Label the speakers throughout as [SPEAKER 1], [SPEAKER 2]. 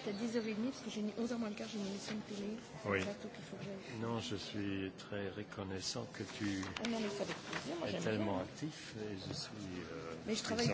[SPEAKER 1] vite à 10h30 parce que j'ai mis 11 h moins le quart, j'ai mis les une télé. Oui.
[SPEAKER 2] Non, je suis très reconnaissant
[SPEAKER 1] que tu es tellement actif et je suis. Euh, mais je travaille.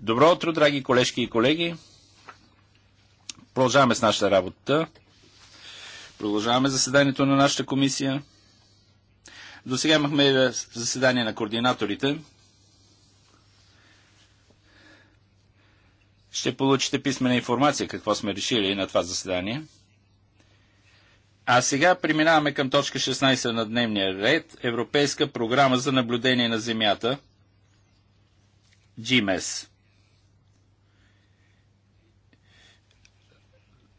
[SPEAKER 1] Добро утро, драги колежки и колеги. Продължаваме с нашата работа. Продължаваме заседанието на нашата комисия. До сега имахме заседание на координаторите. Ще получите писмена информация какво сме решили на това заседание. А сега преминаваме към точка 16 на дневния ред. Европейска програма за наблюдение на Земята. GMS.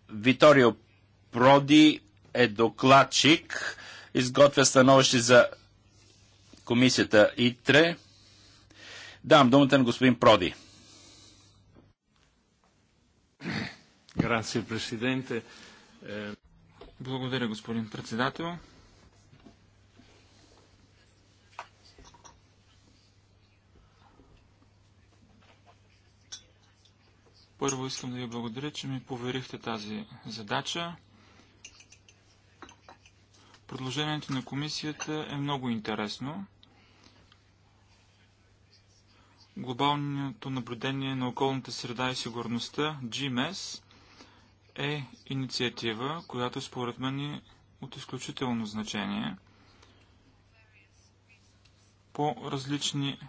[SPEAKER 1] Виторио Проди е докладчик. Изготвя становище за комисията ИТРЕ. Дам думата на господин Проди.
[SPEAKER 3] Грация, президенте. Е, благодаря, господин председател. Първо искам да ви благодаря, че ми поверихте тази задача. Предложението на комисията е много интересно. Глобалното наблюдение на околната среда и сигурността, GMS, е инициатива, която според мен е от изключително значение по различни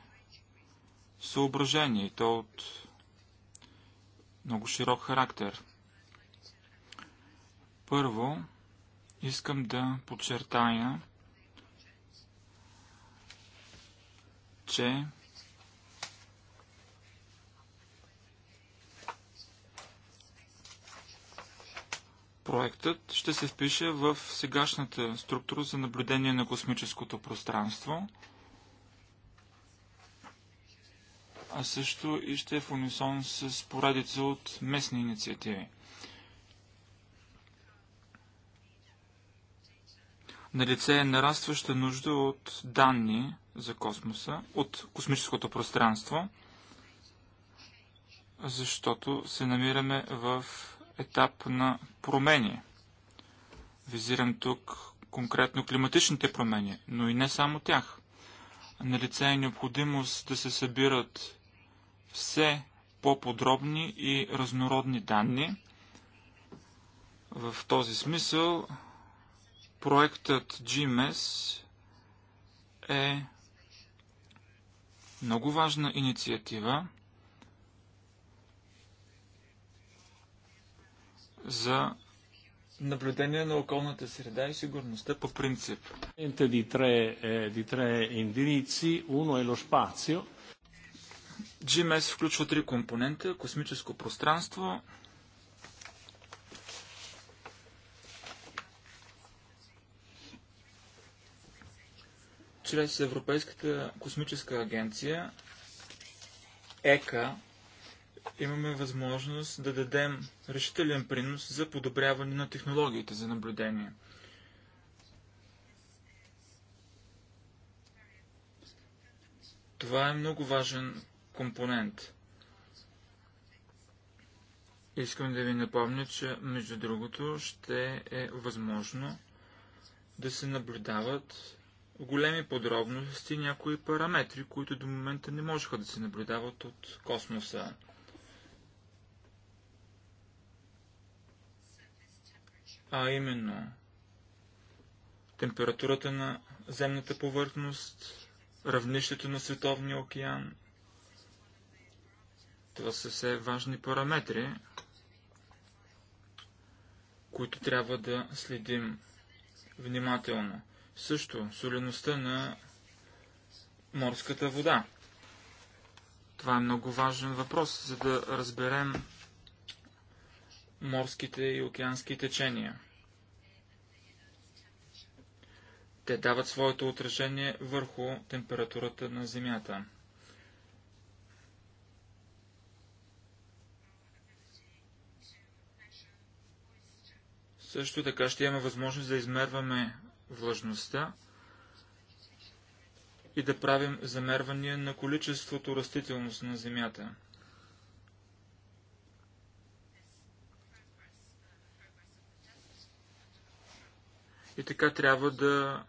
[SPEAKER 3] съображения, и то от много широк характер. Първо, искам да подчертая, че проектът ще се впише в сегашната структура за наблюдение на космическото пространство, а също и ще е в унисон с поредица от местни инициативи. Налице е нарастваща нужда от данни за космоса, от космическото пространство, защото се намираме в етап на промени. Визирам тук конкретно климатичните промени, но и не само тях. Налице е необходимост да се събират все по-подробни и разнородни данни. В този смисъл проектът GMS е много важна инициатива, за наблюдение на околната среда и сигурността по принцип. Eh, GMS включва три компонента – космическо пространство, чрез Европейската космическа агенция ЕКА – имаме възможност да дадем решителен принос за подобряване на технологиите за наблюдение. Това е много важен компонент. Искам да ви напомня, че между другото ще е възможно да се наблюдават големи подробности някои параметри, които до момента не можеха да се наблюдават от космоса. а именно температурата на земната повърхност, равнището на световния океан. Това са все важни параметри, които трябва да следим внимателно. Също солеността на морската вода. Това е много важен въпрос, за да разберем морските и океански течения. Те дават своето отражение върху температурата на Земята. Също така ще имаме възможност да измерваме влажността и да правим замервания на количеството растителност на Земята. И така трябва да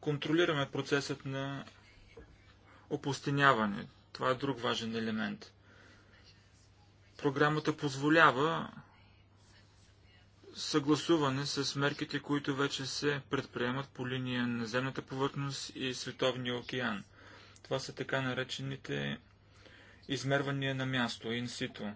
[SPEAKER 3] контролираме процесът на опустеняване. Това е друг важен елемент. Програмата позволява съгласуване с мерките, които вече се предприемат по линия на земната повърхност и световния океан. Това са така наречените измервания на място, инсито.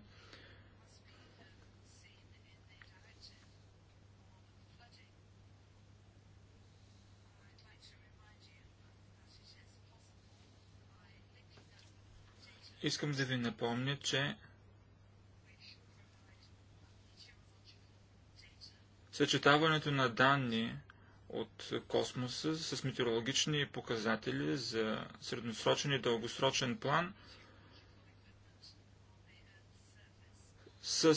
[SPEAKER 3] Искам да ви напомня, че съчетаването на данни от космоса с метеорологични показатели за средносрочен и дългосрочен план с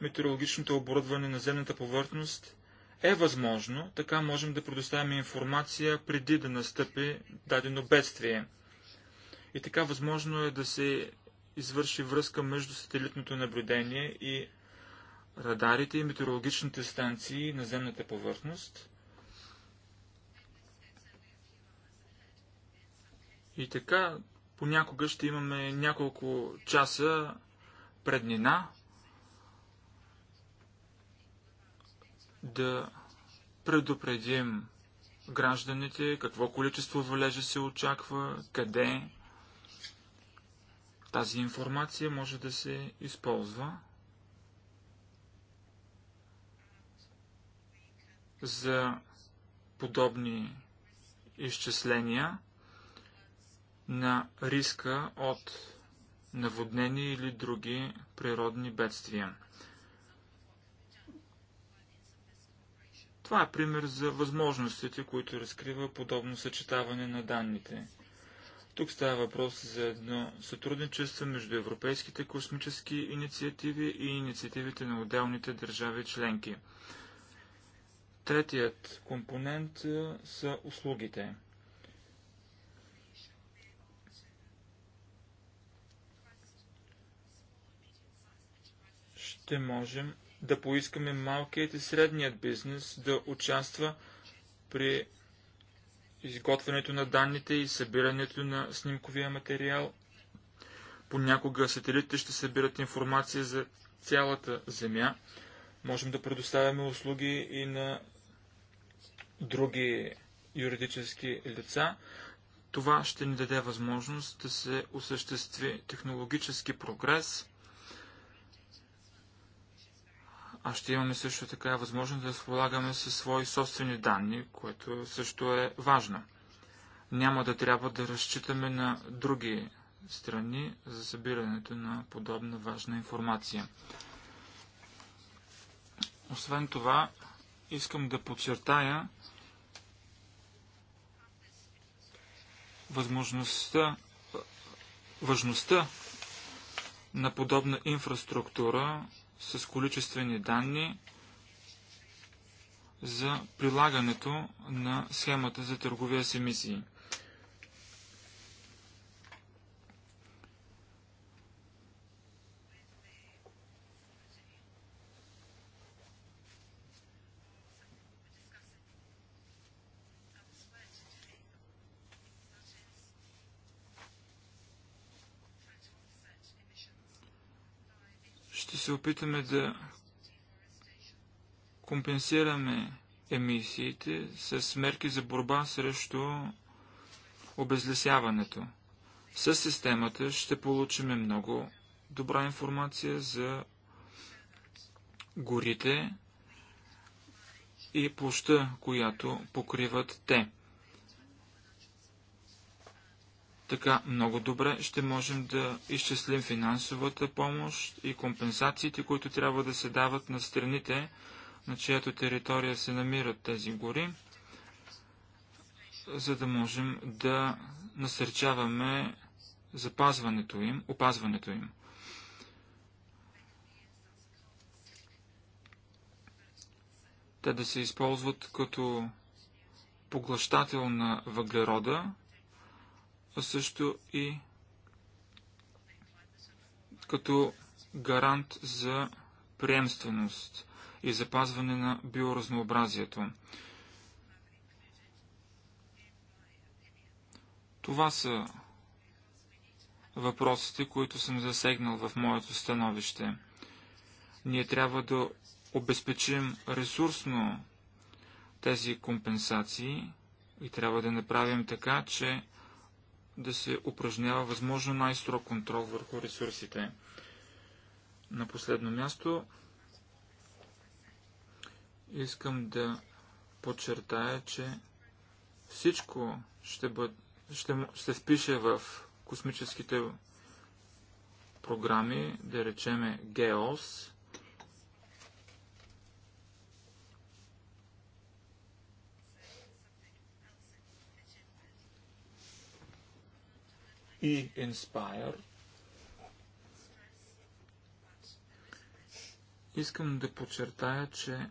[SPEAKER 3] метеорологичното оборудване на земната повърхност е възможно, така можем да предоставим информация преди да настъпи дадено бедствие – и така възможно е да се извърши връзка между сателитното наблюдение и радарите и метеорологичните станции на земната повърхност. И така, понякога ще имаме няколко часа преднина да предупредим гражданите какво количество валежа се очаква, къде тази информация може да се използва за подобни изчисления на риска от наводнение или други природни бедствия. Това е пример за възможностите, които разкрива подобно съчетаване на данните. Тук става въпрос за едно сътрудничество между европейските космически инициативи и инициативите на отделните държави членки. Третият компонент е, са услугите. Ще можем да поискаме малкият и средният бизнес да участва при изготвянето на данните и събирането на снимковия материал. Понякога сателитите ще събират информация за цялата Земя. Можем да предоставяме услуги и на други юридически лица. Това ще ни даде възможност да се осъществи технологически прогрес – а ще имаме също така възможност да разполагаме със свои собствени данни, което също е важно. Няма да трябва да разчитаме на други страни за събирането на подобна важна информация. Освен това, искам да подчертая възможността, важността на подобна инфраструктура с количествени данни за прилагането на схемата за търговия с емисии. се опитаме да компенсираме емисиите с мерки за борба срещу обезлесяването. С системата ще получим много добра информация за горите и площа, която покриват те. Така много добре ще можем да изчислим финансовата помощ и компенсациите, които трябва да се дават на страните, на чиято територия се намират тези гори, за да можем да насърчаваме запазването им, опазването им. Те да се използват като поглъщател на въглерода, а също и като гарант за приемственост и запазване на биоразнообразието. Това са въпросите, които съм засегнал в моето становище. Ние трябва да обезпечим ресурсно тези компенсации и трябва да направим така, че да се упражнява възможно най-строг контрол върху ресурсите. На последно място искам да подчертая, че всичко ще, бъд... ще... ще впише в космическите програми, да речеме ГЕОС, и Inspire. Искам да подчертая, че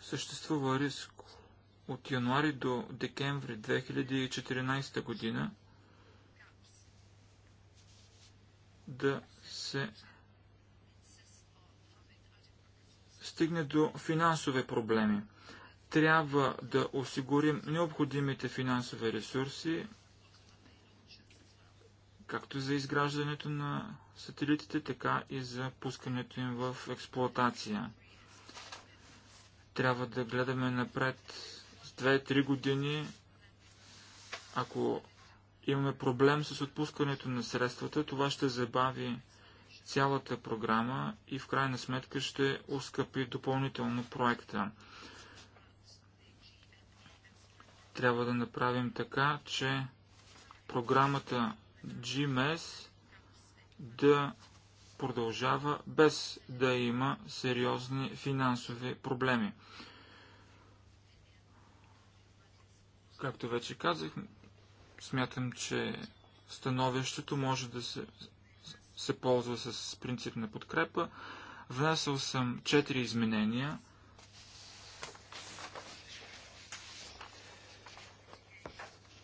[SPEAKER 3] съществува риск от януари до декември 2014 година да се стигне до финансови проблеми трябва да осигурим необходимите финансови ресурси, както за изграждането на сателитите, така и за пускането им в експлоатация. Трябва да гледаме напред с 2-3 години. Ако имаме проблем с отпускането на средствата, това ще забави цялата програма и в крайна сметка ще ускъпи допълнително проекта. Трябва да направим така, че програмата GMS e да продължава без да има сериозни финансови проблеми. Както вече казах, смятам, че становището може да се, се ползва с принцип на подкрепа. Внесъл съм 4 изменения –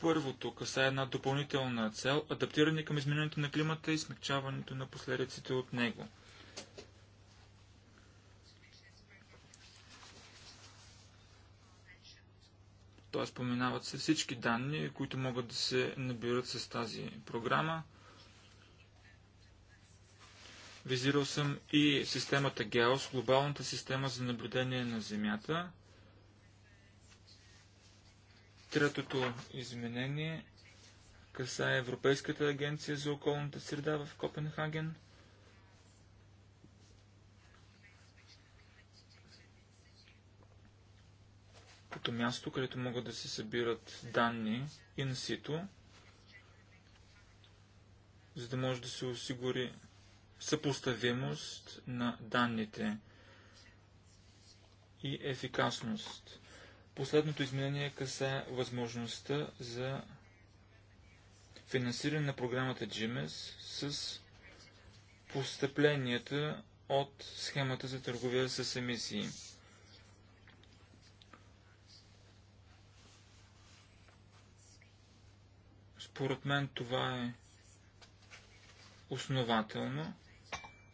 [SPEAKER 3] Първото касае една допълнителна цел – адаптиране към изменението на климата и смягчаването на последиците от него. Т.е. споменават се всички данни, които могат да се набират с тази програма. Визирал съм и системата ГЕОС, глобалната система за наблюдение на Земята. Третото изменение касае Европейската агенция за околната среда в Копенхаген. Като място, където могат да се събират данни и на сито, за да може да се осигури съпоставимост на данните и ефикасност. Последното изменение касае възможността за финансиране на програмата GMS с постъпленията от схемата за търговия с емисии. Според мен това е основателно,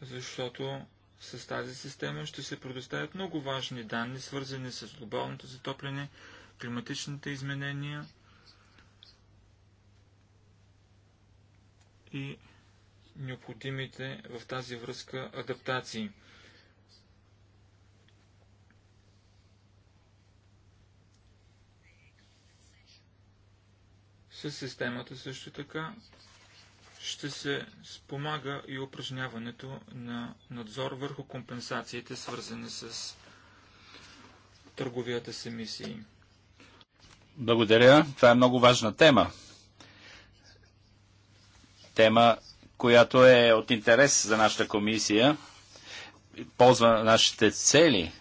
[SPEAKER 3] защото с тази система ще се предоставят много важни данни, свързани с глобалното затопляне, климатичните изменения и необходимите в тази връзка адаптации. С системата също така ще се спомага и упражняването на надзор върху компенсациите, свързани с търговията с емисии.
[SPEAKER 1] Благодаря. Това е много важна тема. Тема, която е от интерес за нашата комисия, ползва нашите цели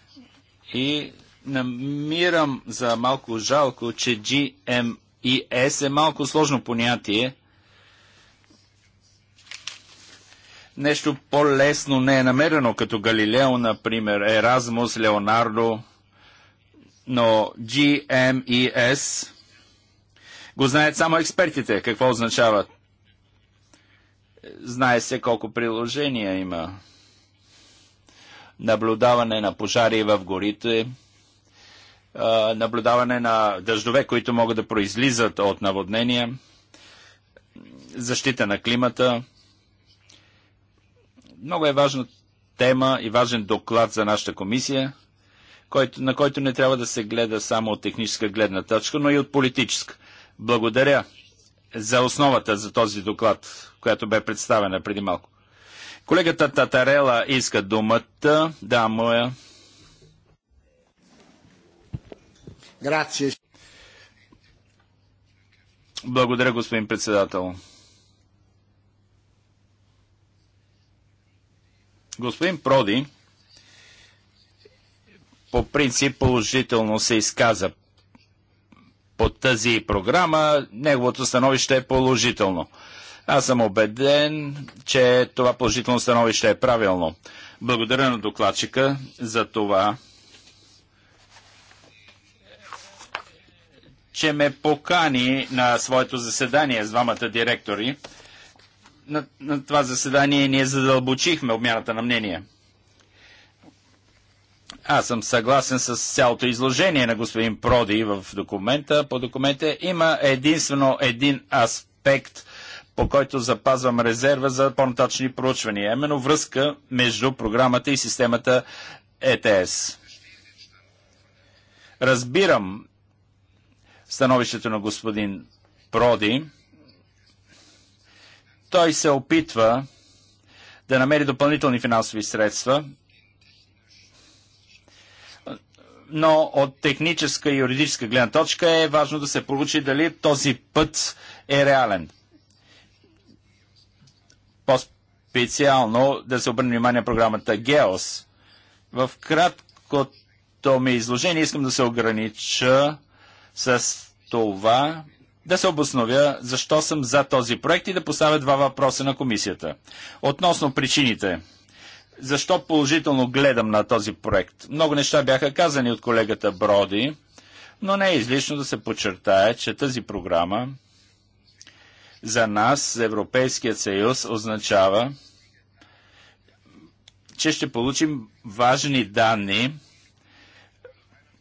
[SPEAKER 1] и намирам за малко жалко, че GMES е малко сложно понятие нещо по-лесно не е намерено, като Галилео, например, Еразмус, Леонардо, но GMES го знаят само експертите. Какво означава? Знае се колко приложения има. Наблюдаване на пожари в горите, наблюдаване на дъждове, които могат да произлизат от наводнения, защита на климата – много е важна тема и важен доклад за нашата комисия, който, на който не трябва да се гледа само от техническа гледна точка, но и от политическа. Благодаря за основата за този доклад, която бе представена преди малко. Колегата Татарела иска думата. Да, моя. Благодаря, господин председател. Господин Проди по принцип положително се изказа по тази програма. Неговото становище е положително. Аз съм убеден, че това положително становище е правилно. Благодаря на докладчика за това, че ме покани на своето заседание с двамата директори на, на това заседание ние задълбочихме обмяната на мнения. Аз съм съгласен с цялото изложение на господин Проди в документа. По документа има единствено един аспект, по който запазвам резерва за по-нататъчни проучвания, именно връзка между програмата и системата ЕТС. Разбирам становището на господин Проди, той се опитва да намери допълнителни финансови средства, но от техническа и юридическа гледна точка е важно да се получи дали този път е реален. По-специално да се обърне внимание на програмата ГЕОС. В краткото ми изложение искам да се огранича с това да се обосновя защо съм за този проект и да поставя два въпроса на комисията. Относно причините. Защо положително гледам на този проект? Много неща бяха казани от колегата Броди, но не е излишно да се подчертае, че тази програма за нас, за Европейският съюз, означава, че ще получим важни данни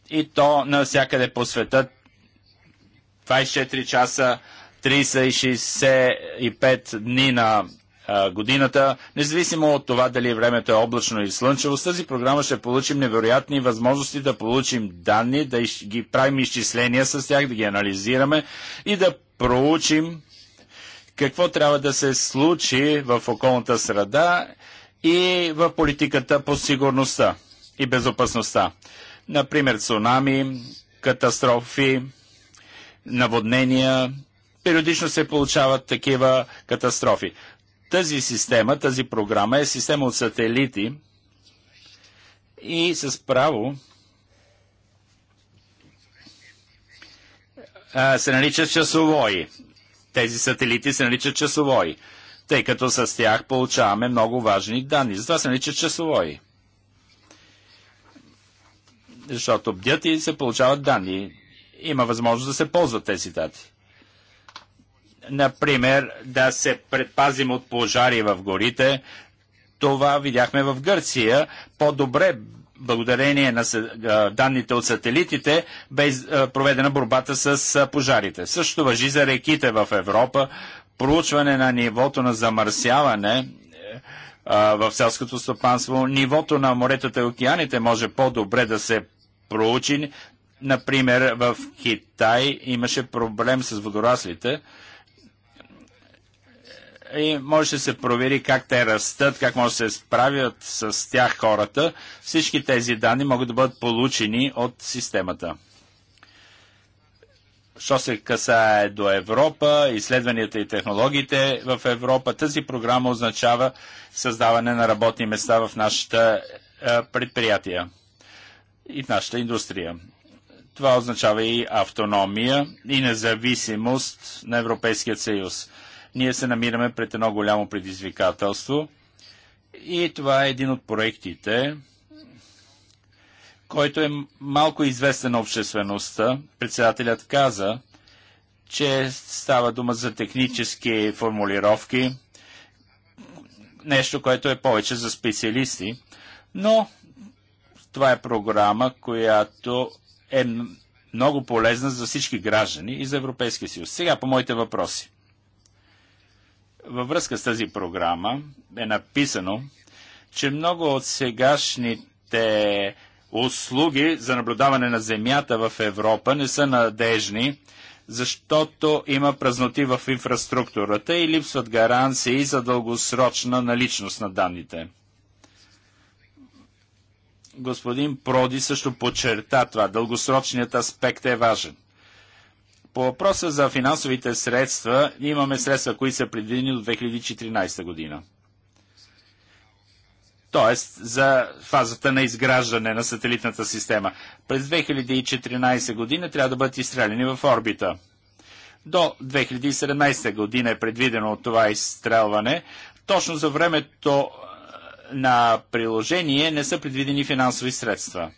[SPEAKER 1] и то навсякъде по света 24 часа, 365 дни на годината, независимо от това дали времето е облачно или слънчево, с тази програма ще получим невероятни възможности да получим данни, да ги правим изчисления с тях, да ги анализираме и да проучим какво трябва да се случи в околната среда и в политиката по сигурността и безопасността. Например, цунами, катастрофи, наводнения, периодично се получават такива катастрофи. Тази система, тази програма е система от сателити и с право а, се наричат часовои. Тези сателити се наричат часовои, тъй като с тях получаваме много важни данни. Затова се наричат часовои. Защото бдят и се получават данни има възможност да се ползват тези дати. Например, да се предпазим от пожари в горите. Това видяхме в Гърция. По-добре, благодарение на данните от сателитите, бе проведена борбата с пожарите. Също въжи за реките в Европа. Проучване на нивото на замърсяване е, в селското стопанство. Нивото на моретата и океаните може по-добре да се проучи. Например, в Китай имаше проблем с водораслите и може да се провери как те растат, как може да се справят с тях хората. Всички тези данни могат да бъдат получени от системата. Що се касае до Европа, изследванията и технологиите в Европа, тази програма означава създаване на работни места в нашите предприятия и в нашата индустрия. Това означава и автономия и независимост на Европейския съюз. Ние се намираме пред едно голямо предизвикателство и това е един от проектите, който е малко известен на обществеността. Председателят каза, че става дума за технически формулировки, нещо, което е повече за специалисти, но това е програма, която е много полезна за всички граждани и за Европейския съюз. Сега по моите въпроси. Във връзка с тази програма е написано, че много от сегашните услуги за наблюдаване на Земята в Европа не са надежни, защото има празноти в инфраструктурата и липсват гаранции за дългосрочна наличност на данните. Господин Проди също подчерта това. Дългосрочният аспект е важен. По въпроса за финансовите средства, имаме средства, които са предвидени до 2014 година. Тоест за фазата на изграждане на сателитната система. През 2014 година трябва да бъдат изстреляни в орбита. До 2017 година е предвидено това изстрелване. Точно за времето на приложение не са предвидени финансови средства.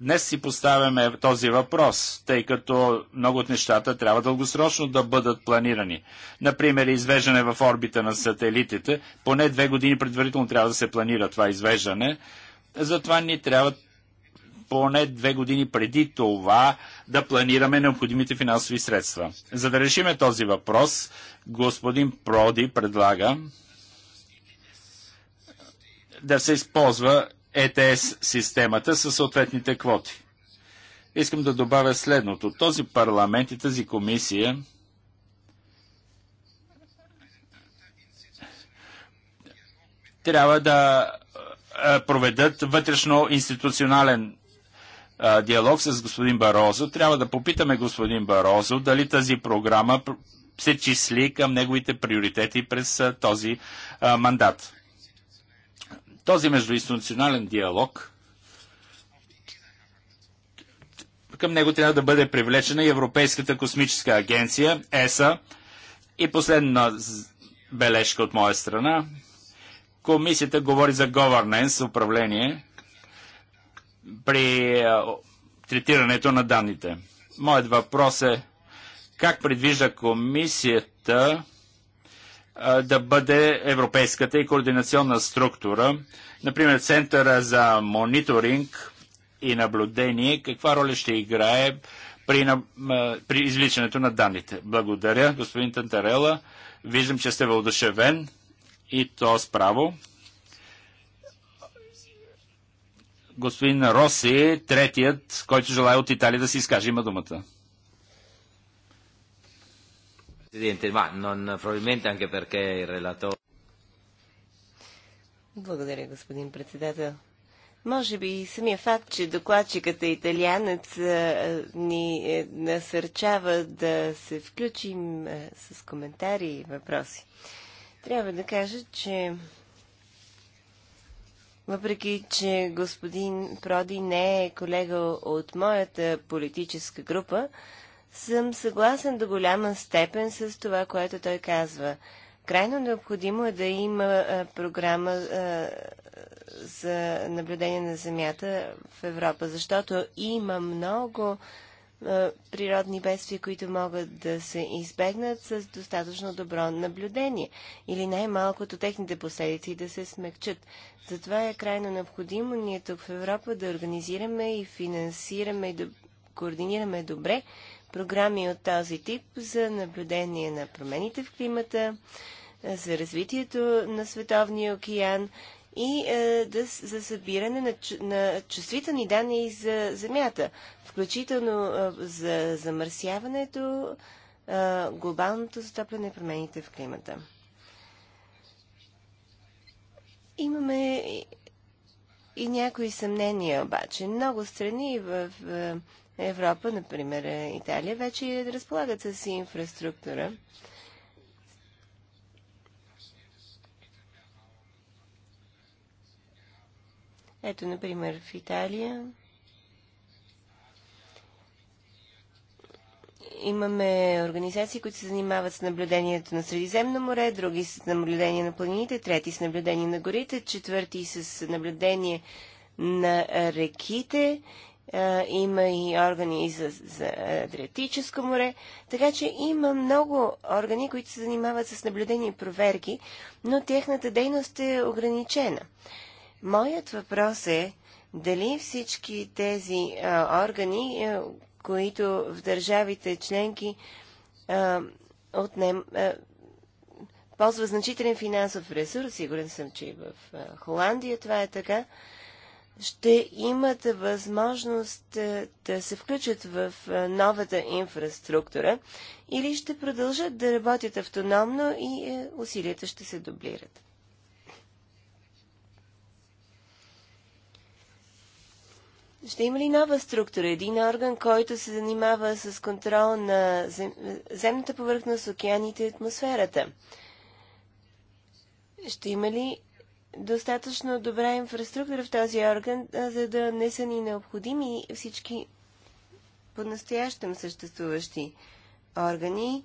[SPEAKER 1] Днес си поставяме този въпрос, тъй като много от нещата трябва дългосрочно да бъдат планирани. Например, извеждане в орбита на сателитите. Поне две години предварително трябва да се планира това извеждане. Затова ни трябва поне две години преди това да планираме необходимите финансови средства. За да решиме този въпрос, господин Проди предлага да се използва ЕТС системата със съответните квоти. Искам да добавя следното. Този парламент и тази комисия трябва да проведат вътрешно институционален диалог с господин Барозо. Трябва да попитаме господин Барозо дали тази програма се числи към неговите приоритети през този мандат. Този междуинституционален диалог към него трябва да бъде привлечена и Европейската космическа агенция, ЕСА. И последна бележка от моя страна. Комисията говори за governance, управление, при третирането на данните. Моят въпрос е как предвижда комисията да бъде европейската и координационна структура, например Центъра за мониторинг и наблюдение, каква роля ще играе при, при извличането на данните. Благодаря, господин Тантарела. Виждам, че сте въодушевен и то справо. Господин Роси, третият, който желая от Италия да си изкаже, има думата.
[SPEAKER 2] Благодаря, господин председател. Може би самия факт, че докладчикът е италианец, ни е, насърчава да се включим с коментари и въпроси. Трябва да кажа, че въпреки, че господин Проди не е колега от моята политическа група, съм съгласен до голяма степен с това, което той казва. Крайно необходимо е да има а, програма а, за наблюдение на Земята в Европа, защото има много а, природни бедствия, които могат да се избегнат с достатъчно добро наблюдение или най-малкото техните последици да се смекчат. Затова е крайно необходимо ние тук в Европа да организираме и финансираме и да координираме добре програми от този тип за наблюдение на промените в климата, за развитието на Световния океан и е, за събиране на, чувствителни данни за Земята, включително е, за замърсяването, е, глобалното затопляне и промените в климата. Имаме и някои съмнения обаче. Много страни в Европа, например е Италия, вече разполагат с инфраструктура. Ето, например, в Италия имаме организации, които се занимават с наблюдението на Средиземно море, други с наблюдение на планините, трети с наблюдение на горите, четвърти с наблюдение на реките е, има и органи за, за Адриатическо море, така че има много органи, които се занимават с наблюдение и проверки, но тяхната дейност е ограничена. Моят въпрос е дали всички тези а, органи, а, които в държавите членки а, отнем, а, ползва значителен финансов ресурс, сигурен съм, че и в а, Холандия това е така, а, ще имат възможност е, да се включат в е, новата инфраструктура или ще продължат да работят автономно и е, усилията ще се дублират. Ще има ли нова структура? Един орган, който се занимава с контрол на зем... земната повърхност, океаните и атмосферата? Ще има ли достатъчно добра инфраструктура в този орган, за да не са ни необходими всички по-настоящем съществуващи органи,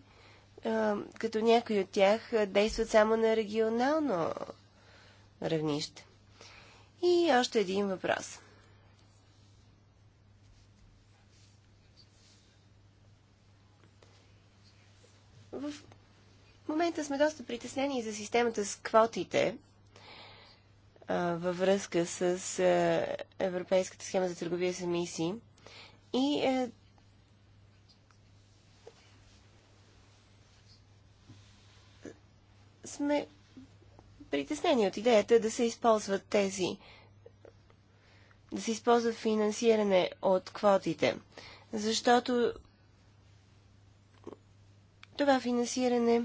[SPEAKER 2] като някои от тях действат само на регионално равнище. И още един въпрос. В момента сме доста притеснени за системата с квотите – във връзка с Европейската схема за търговия с емисии. И е, сме притеснени от идеята да се използват тези, да се използва финансиране от квотите, защото това финансиране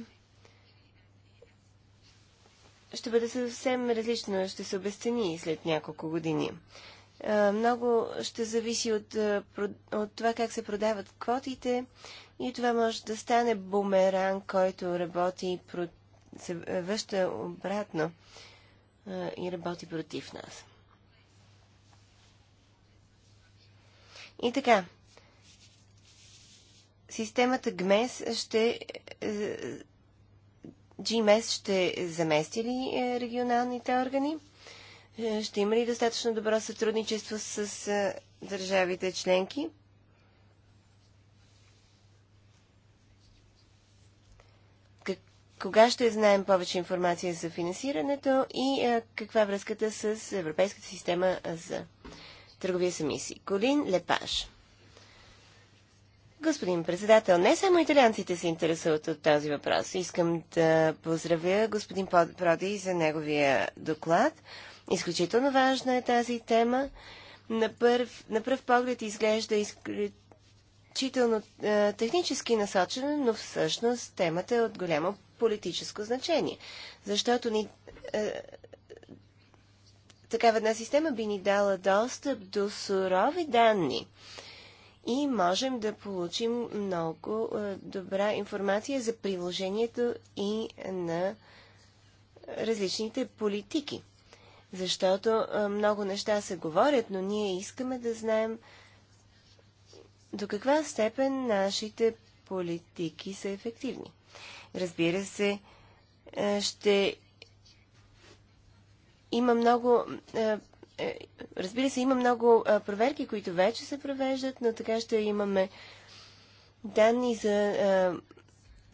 [SPEAKER 2] ще бъде съвсем различна, ще се обесцени след няколко години. Много ще зависи от, от това как се продават квотите и това може да стане бумеран, който работи, се връща обратно и работи против нас. И така, системата ГМЕС ще е, GMS ще замести ли е, регионалните органи? Е, ще има ли достатъчно добро сътрудничество с е, държавите членки? Кога ще знаем повече информация за финансирането и каква връзката с Европейската система за търговия с емисии? Колин Лепаш. Господин председател, не само италианците се интересуват от този въпрос. Искам да поздравя господин Проди за неговия доклад. Изключително важна е тази тема. На пръв, на пръв поглед изглежда изключително е, технически насочена, но всъщност темата е от голямо политическо значение. Защото ни, е, такава една система би ни дала достъп до сурови данни. Е, и можем да получим много е, добра информация за приложението и на различните политики. Защото е, много неща се говорят, но ние искаме да знаем до каква степен нашите политики са ефективни. Разбира се, е, ще има много е, разбира се, има много проверки, които вече се провеждат, но така ще имаме данни за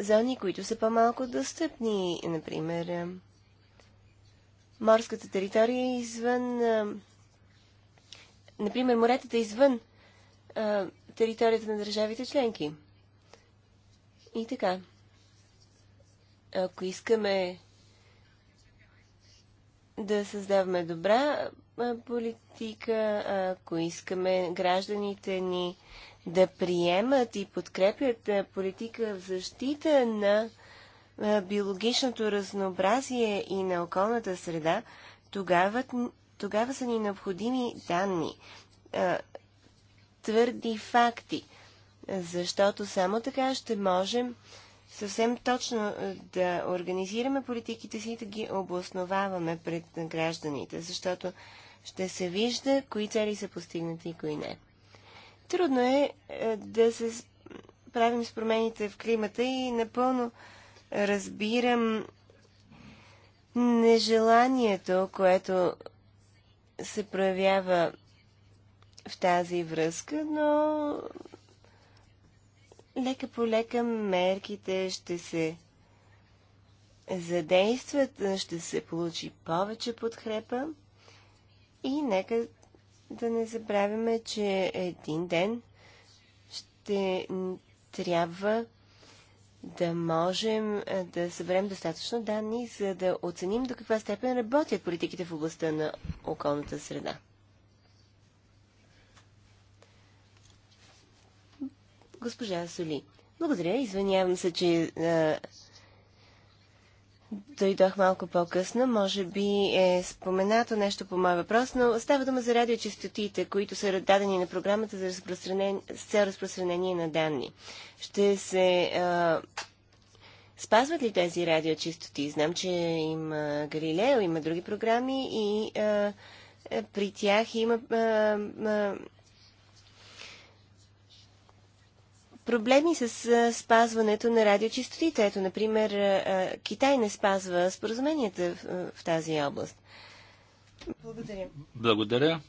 [SPEAKER 2] зони, които са по-малко достъпни, например морската територия е извън, например моретата е извън територията на държавите членки. И така. Ако искаме да създаваме добра политика, ако искаме гражданите ни да приемат и подкрепят политика в защита на биологичното разнообразие и на околната среда, тогава, тогава са ни необходими данни, твърди факти, защото само така ще можем съвсем точно да организираме политиките си и да ги обосноваваме пред гражданите, защото ще се вижда кои цели са постигнати и кои не. Трудно е, е да се правим с промените в климата и напълно разбирам нежеланието, което се проявява в тази връзка, но лека по лека мерките ще се задействат, ще се получи повече подкрепа. И нека да не забравяме, че един ден ще трябва да можем да съберем достатъчно данни, за да оценим до каква степен работят политиките в областта на околната среда. Госпожа Соли, благодаря. Извинявам се, че дойдох малко по-късно. Може би е споменато нещо по моя въпрос, но става дума за радиочастотите, които са дадени на програмата за разпространен... с цел разпространение на данни. Ще се а, спазват ли тези радиочистоти? Знам, че има Галилео, има други програми и а, е, при тях има а, а, проблеми с а, спазването на радиочистотите. Ето, например, а, Китай не спазва споразуменията в, а, в тази област. Благодаря.
[SPEAKER 1] Благодаря.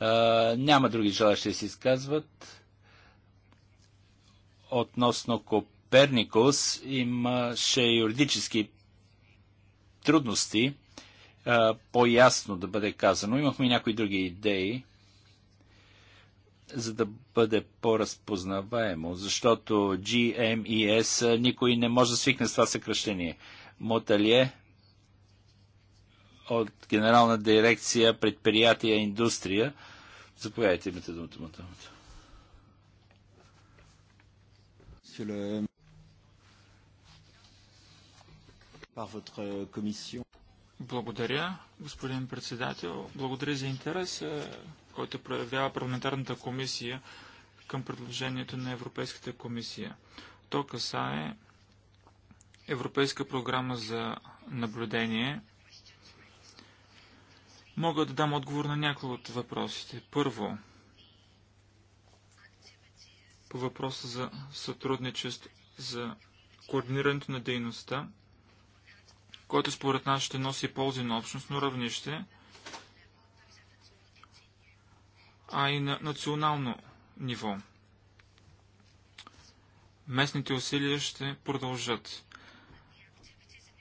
[SPEAKER 1] А, няма други желащи да се изказват. Относно Коперникус имаше юридически трудности, по-ясно да бъде казано. Имахме някои други идеи за да бъде по-разпознаваемо, защото GMES никой не може да свикне с това съкръщение. Моталие от Генерална дирекция предприятия и индустрия. Заповядайте, имате думата. думата. Euh,
[SPEAKER 3] Благодаря, господин председател. Благодаря за интерес който проявява парламентарната комисия към предложението на Европейската комисия. То касае Европейска програма за наблюдение. Мога да дам отговор на някои от въпросите. Първо, по въпроса за сътрудничество, за координирането на дейността, който според нас ще носи ползи на общностно равнище – а и на национално ниво. Местните усилия ще продължат.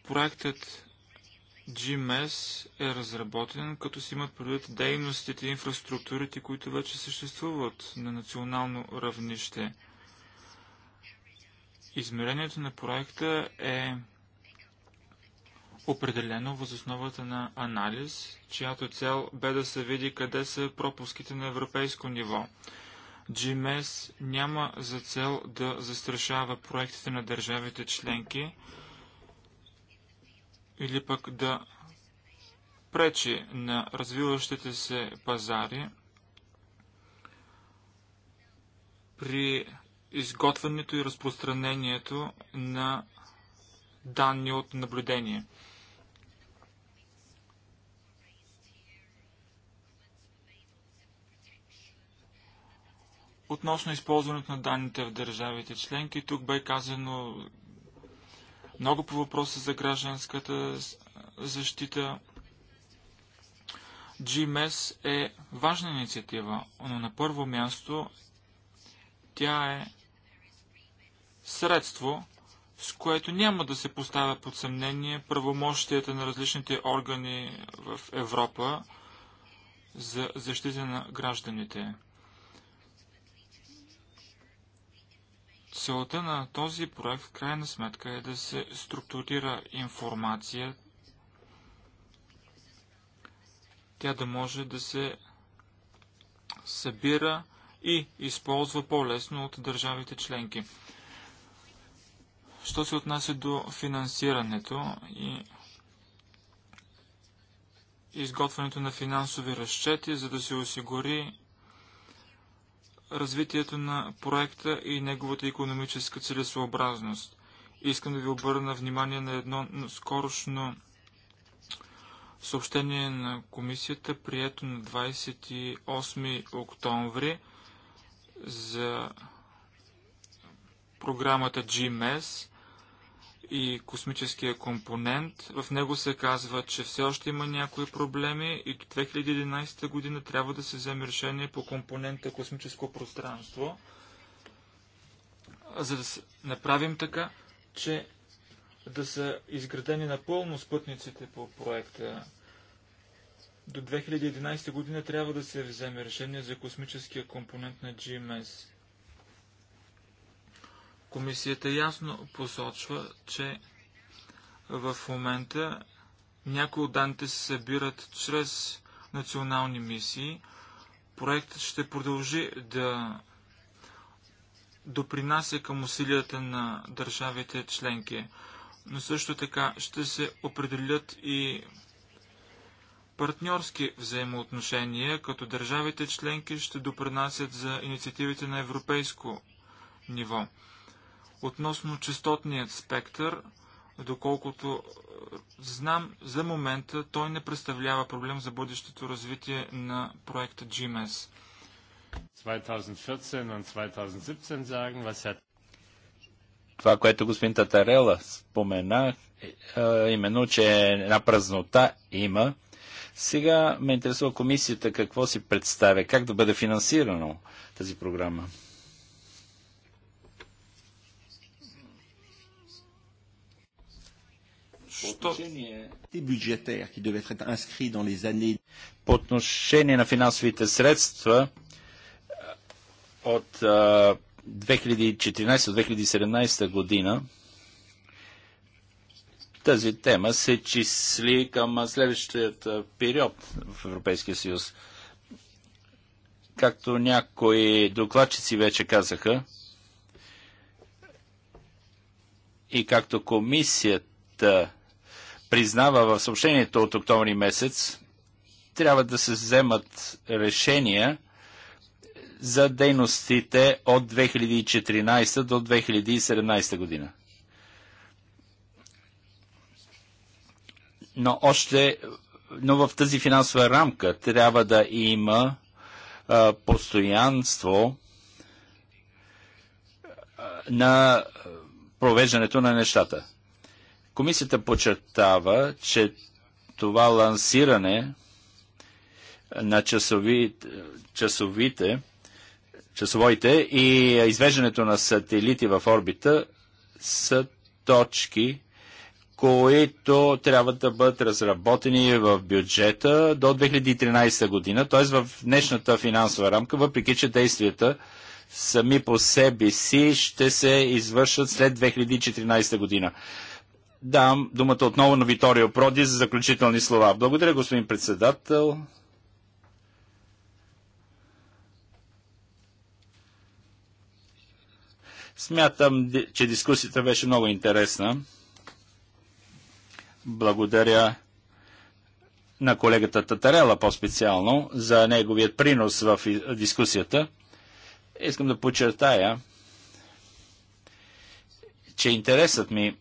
[SPEAKER 3] Проектът GMS e е разработен, като си имат предвид дейностите и инфраструктурите, които вече съществуват на национално равнище. Измерението на проекта е определено възосновата на анализ, чиято цел бе да се види къде са пропуските на европейско ниво. GMS няма за цел да застрашава проектите на държавите членки или пък да пречи на развиващите се пазари при изготвянето и разпространението на данни от наблюдение. Относно използването на данните в държавите членки, тук бе казано много по въпроса за гражданската защита. GMS e е важна инициатива, но на първо място тя е средство, с което няма да се поставя под съмнение правомощията на различните органи в Европа за защита на гражданите. Целта на този проект в крайна сметка е да се структурира информация, тя да може да се събира и използва по-лесно от държавите членки. Що се отнася до финансирането и изготвянето на финансови разчети, за да се осигури развитието на проекта и неговата економическа целесообразност. Искам да ви обърна внимание на едно скорошно съобщение на комисията, прието на 28 октомври за програмата GMS и космическия компонент. В него се казва, че все още има някои проблеми и до 2011 година трябва да се вземе решение по компонента космическо пространство, за да направим така, че да са изградени напълно спътниците по проекта. До 2011 година трябва да се вземе решение за космическия компонент на GMS. Комисията ясно посочва, че в момента някои от данните се събират чрез национални мисии. Проектът ще продължи да допринася към усилията на държавите членки, но също така ще се определят и партньорски взаимоотношения, като държавите членки ще допринасят за инициативите на европейско ниво. Относно частотният спектър, доколкото е, знам, за момента той не представлява проблем за бъдещето развитие на проекта GMS.
[SPEAKER 1] 2014 sagen, was hat... Това, което господин Татарела спомена, е, е, именно, че една празнота има. Сега ме интересува комисията какво си представя, как да бъде финансирано тази програма. По отношение на финансовите средства от 2014-2017 година тази тема се числи към следващият период в Европейския съюз. Както някои докладчици вече казаха, и както комисията признава в съобщението от октомври месец, трябва да се вземат решения за дейностите от 2014 до 2017 година. Но още но в тази финансова рамка трябва да има а, постоянство на провеждането на нещата. Комисията подчертава, че това лансиране на часовите, часовоите и извеждането на сателити в орбита са точки, които трябва да бъдат разработени в бюджета до 2013 година, т.е. в днешната финансова рамка, въпреки че действията сами по себе си ще се извършат след 2014 година. Давам думата отново на Виторио Проди за заключителни слова. Благодаря, господин председател. Смятам, че дискусията беше много интересна. Благодаря на колегата Татарела по-специално за неговият принос в дискусията. Искам да подчертая, че интересът ми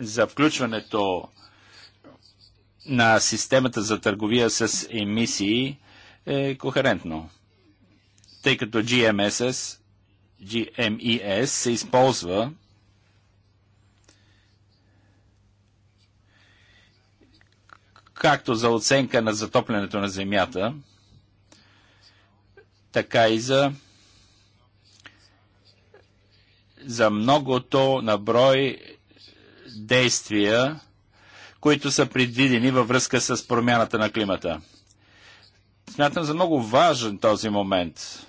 [SPEAKER 1] за включването на системата за търговия с емисии е кохерентно, тъй като GMSS, GMES се използва както за оценка на затоплянето на Земята, така и за, за многото наброй действия, които са предвидени във връзка с промяната на климата. Смятам за много важен този момент.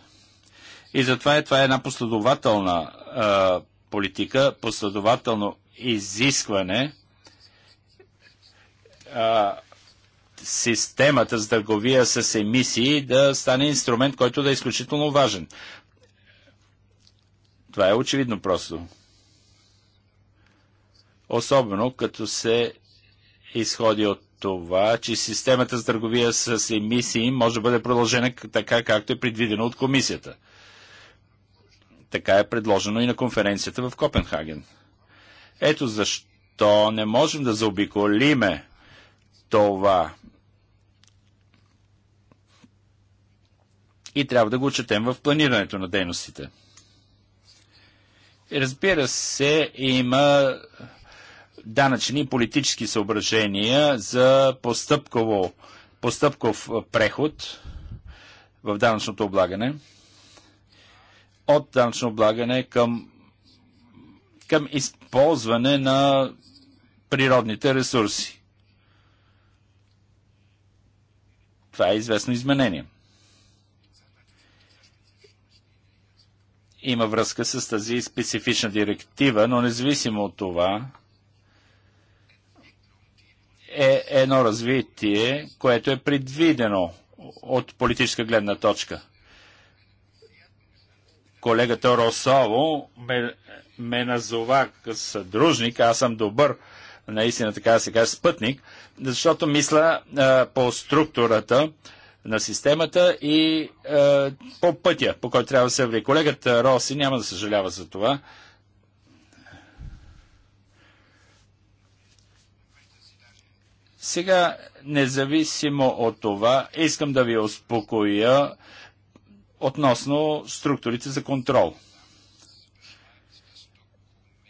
[SPEAKER 1] И затова е, това е една последователна а, политика, последователно изискване а, системата за търговия с емисии да стане инструмент, който да е изключително важен. Това е очевидно просто. Особено като се изходи от това, че системата за търговия с емисии може да бъде продължена така, както е предвидено от комисията. Така е предложено и на конференцията в Копенхаген. Ето защо не можем да заобиколиме това. И трябва да го четем в планирането на дейностите. И разбира се, има данъчни и политически съображения за постъпково, постъпков преход в данъчното облагане от данъчно облагане към, към използване на природните ресурси. Това е известно изменение. Има връзка с тази специфична директива, но независимо от това, е едно развитие, което е предвидено от политическа гледна точка. Колегата Росово ме, ме назова съдружник, аз съм добър, наистина така да се каже, спътник, защото мисля а, по структурата на системата и а, по пътя, по който трябва да се вли. Колегата Роси няма да съжалява за това, Сега, независимо от това, искам да ви успокоя относно структурите за контрол.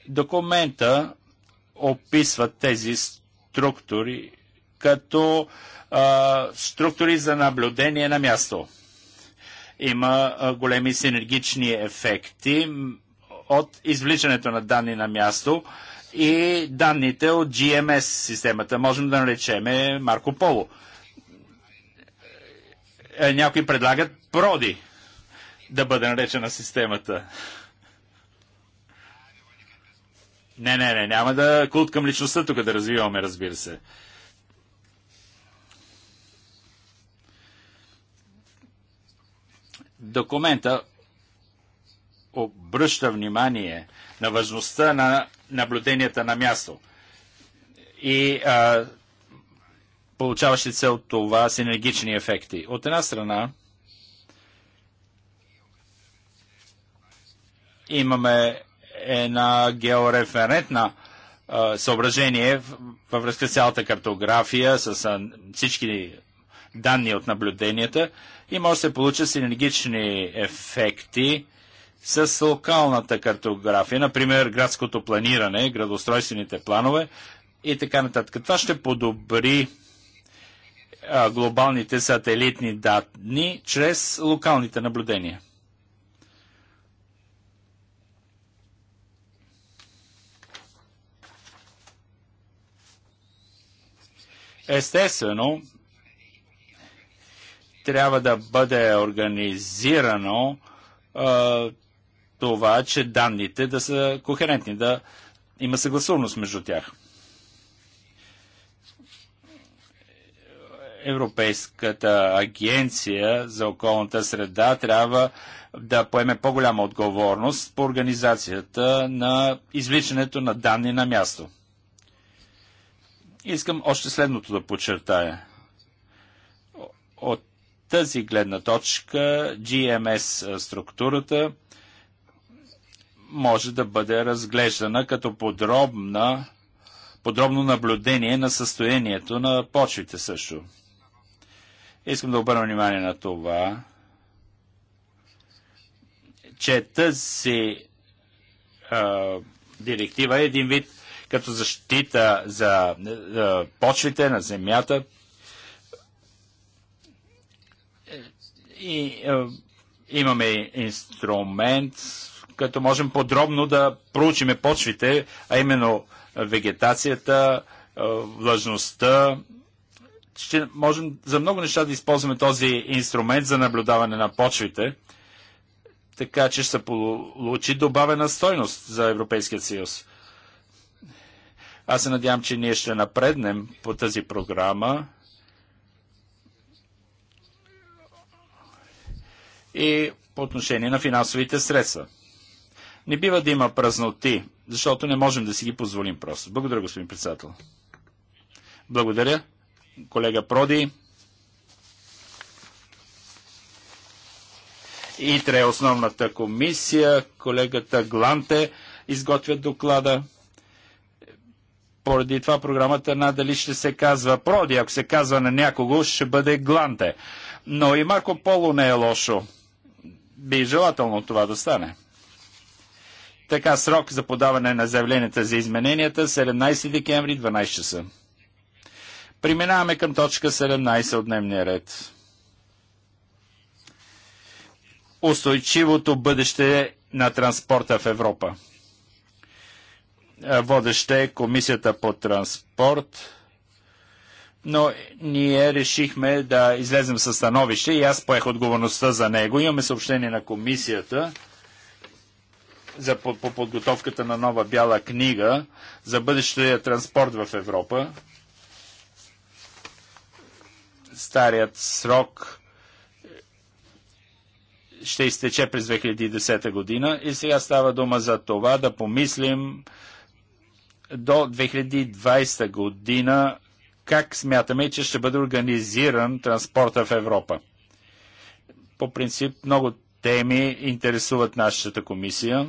[SPEAKER 1] Документа описва тези структури като а, структури за наблюдение на място. Има а, големи синергични ефекти от извличането на данни на място, и данните от GMS системата. Можем да наречеме Марко Поло. Е, някои предлагат Проди да бъде наречена системата. Не, не, не, няма да култ към личността тук да развиваме, разбира се. Документа обръща внимание на важността на наблюденията на място. И а, получаваше цел това синергични ефекти. От една страна, имаме една геореферентна а, съображение във връзка с цялата картография, с а, всички данни от наблюденията и може да се получат синергични ефекти с локалната картография, например градското планиране, градостройствените планове и така нататък. Това ще подобри а, глобалните сателитни данни чрез локалните наблюдения. Естествено, трябва да бъде организирано а, това, че данните да са кохерентни, да има съгласуваност между тях. Европейската агенция за околната среда трябва да поеме по-голяма отговорност по организацията на извличането на данни на място. Искам още следното да подчертая. От тази гледна точка GMS структурата – може да бъде разглеждана като подробна, подробно наблюдение на състоянието на почвите също. Искам да обърна внимание на това, че тази а, директива е един вид като защита за а, почвите на земята и а, имаме инструмент, като можем подробно да проучиме почвите, а именно вегетацията, влажността. Ще можем за много неща да използваме този инструмент за наблюдаване на почвите, така че ще се получи добавена стойност за Европейския съюз. Аз се надявам, че ние ще напреднем по тази програма. И по отношение на финансовите средства. Не бива да има празноти, защото не можем да си ги позволим просто. Благодаря, господин председател. Благодаря, колега Проди. ИТРЕ, основната комисия, колегата Гланте изготвя доклада. Поради това програмата надали ще се казва Проди, ако се казва на някого, ще бъде Гланте. Но и Марко Поло не е лошо. Би желателно това да стане. Така, срок за подаване на заявленията за измененията 17 е декември 12 часа. Преминаваме към точка 17 от дневния ред. Устойчивото бъдеще на транспорта в Европа. Водеща е Комисията по транспорт, но ние решихме да излезем със становище и аз поех отговорността за него. Имаме съобщение на Комисията – за, по, по подготовката на нова бяла книга за бъдещия транспорт в Европа. Старият срок ще изтече през 2010 година и сега става дума за това да помислим до 2020 година как смятаме, че ще бъде организиран транспорта в Европа. По принцип, много теми интересуват нашата комисия.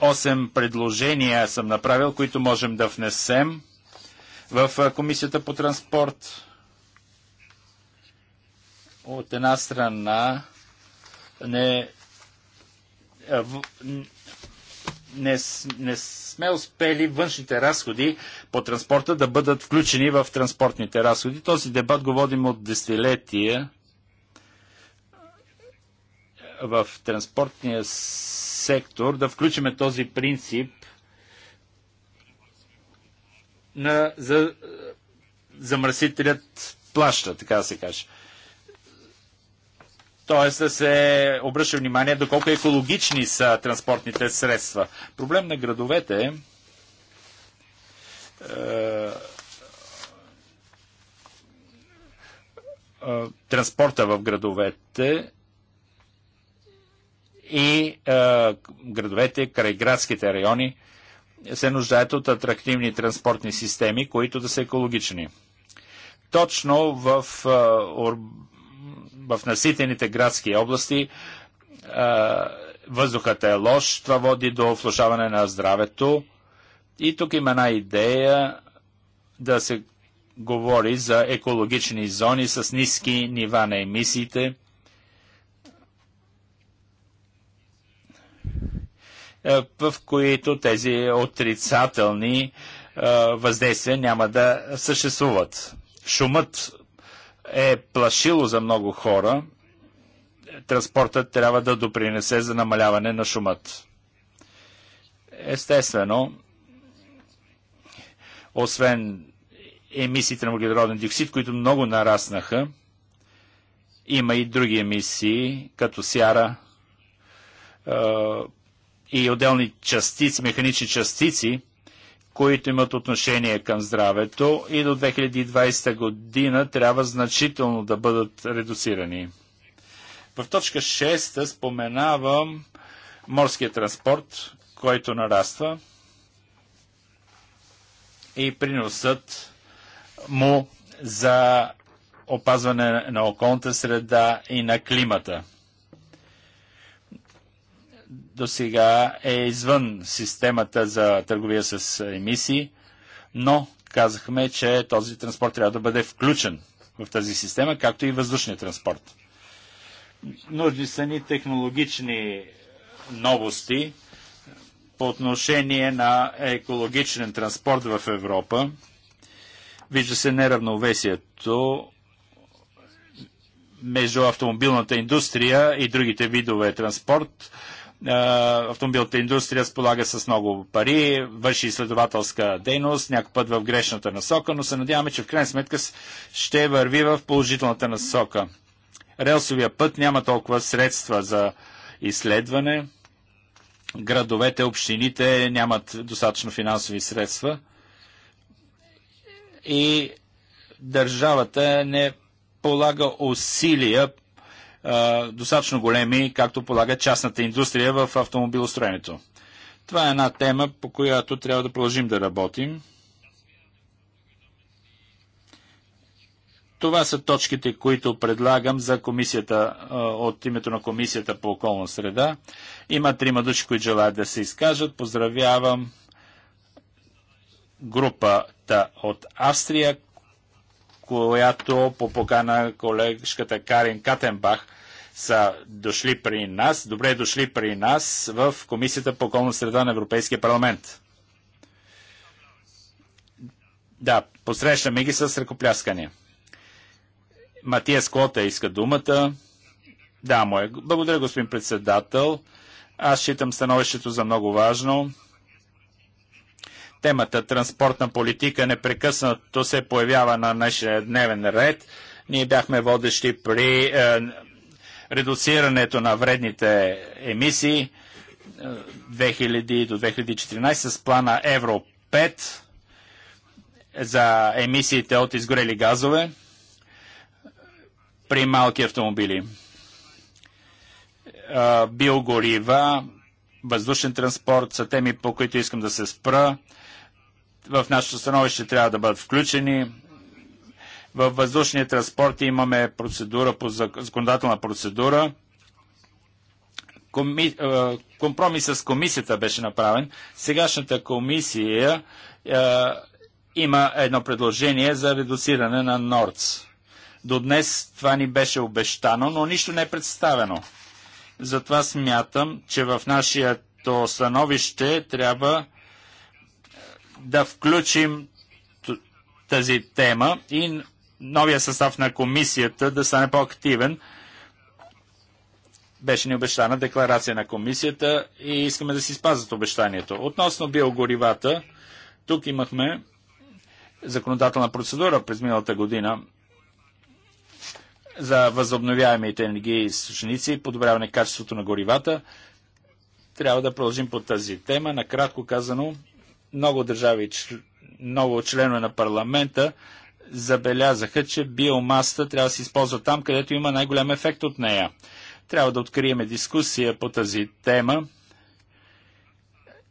[SPEAKER 1] Осем предложения съм направил, които можем да внесем в Комисията по транспорт. От една страна не не, не сме успели външните разходи по транспорта да бъдат включени в транспортните разходи. Този дебат го водим от десетилетия в транспортния сектор, да включиме този принцип на, за, е, замърсителят плаща, така да се каже. Тоест да се обръща внимание доколко екологични са транспортните средства. Проблем на градовете е, е, транспорта в градовете и е, градовете крайградските райони се нуждаят от атрактивни транспортни системи, които да са екологични. Точно в е, в наситените градски области въздухът е лош, това води до влушаване на здравето. И тук има една идея да се говори за екологични зони с ниски нива на емисиите. Е, в които тези отрицателни е, въздействия няма да съществуват. Шумът е плашило за много хора, транспортът трябва да допринесе за намаляване на шумът. Естествено, освен емисиите на въглероден диоксид, които много нараснаха, има и други емисии, като сяра и отделни частици, механични частици, които имат отношение към здравето и до 2020 година трябва значително да бъдат редуцирани. В точка 6 споменавам морския транспорт, който нараства и приносът му за опазване на околната среда и на климата – до сега е извън системата за търговия с емисии, но казахме, че този транспорт трябва да бъде включен в тази система, както и въздушния транспорт. Нужни са ни технологични новости по отношение на екологичен транспорт в Европа. Вижда се неравновесието между автомобилната индустрия и другите видове транспорт. Е, автомобилната индустрия сполага с много пари, върши изследователска дейност, някой път в грешната насока, но се надяваме, че в крайна сметка ще върви в положителната насока. Релсовия път няма толкова средства за изследване. Градовете, общините нямат достатъчно финансови средства. И държавата не полага усилия достатъчно големи, както полага частната индустрия в автомобилостроенето. Това е една тема, по която трябва да продължим да работим. Това са точките, които предлагам за комисията, от името на комисията по околна среда. Има трима души, които желаят да се изкажат. Поздравявам групата от Австрия, която по покана колежката Карин Катенбах са дошли при нас, добре дошли при нас в Комисията по околна среда на Европейския парламент. Да, посрещаме ги с ръкопляскане. Матия Скота иска думата. Да, мое. Благодаря, господин председател. Аз считам становището за много важно. Темата транспортна политика непрекъснато се появява на нашия дневен ред. Ние бяхме водещи при е, редуцирането на вредните емисии 2000 е, до 2014 с плана Евро 5 за емисиите от изгорели газове при малки автомобили. Е, биогорива, въздушен транспорт са теми, по които искам да се спра в нашето становище трябва да бъдат включени. Във въздушния транспорт имаме процедура по законодателна процедура. Коми, компромис с комисията беше направен. Сегашната комисия е, има едно предложение за редуциране на НОРЦ. До днес това ни беше обещано, но нищо не е представено. Затова смятам, че в нашето становище трябва да включим тази тема и новия състав на комисията да стане по-активен. Беше ни обещана декларация на комисията и искаме да си спазват обещанието. Относно биогоривата, тук имахме законодателна процедура през миналата година за възобновяемите енергии източници и подобряване качеството на горивата. Трябва да продължим по тази тема. Накратко казано, много държави, много членове на парламента забелязаха, че биомасата трябва да се използва там, където има най-голям ефект от нея. Трябва да открием дискусия по тази тема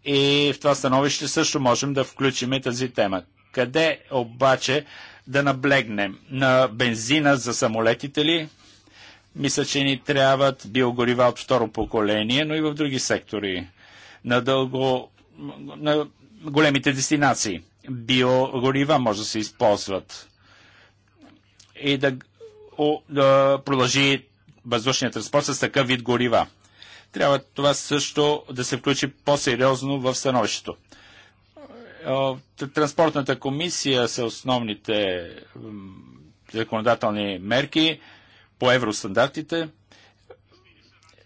[SPEAKER 1] и в това становище също можем да включим тази тема. Къде обаче да наблегнем? На бензина за самолетите ли? Мисля, че ни трябват биогорива от второ поколение, но и в други сектори. На дълго на големите дестинации. Биогорива може да се използват и да, о, да продължи въздушния транспорт с такъв вид горива. Трябва това също да се включи по-сериозно в становището. Транспортната комисия са основните законодателни мерки по евростандартите.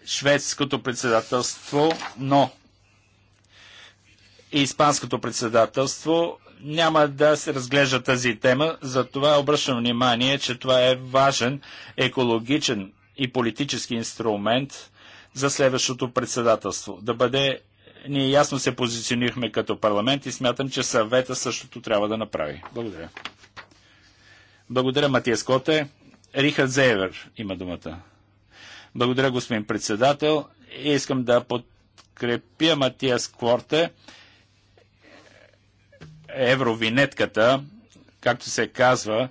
[SPEAKER 1] Шведското председателство, но и Испанското председателство няма да се разглежда тази тема, затова обръщам внимание, че това е важен екологичен и политически инструмент за следващото председателство. Да бъде ние ясно се позиционирахме като парламент и смятам, че съвета същото трябва да направи. Благодаря. Благодаря, Матия Скоте. Рихард Зейвер има думата. Благодаря, господин председател. Искам да подкрепя Матия Скорте евровинетката, както се казва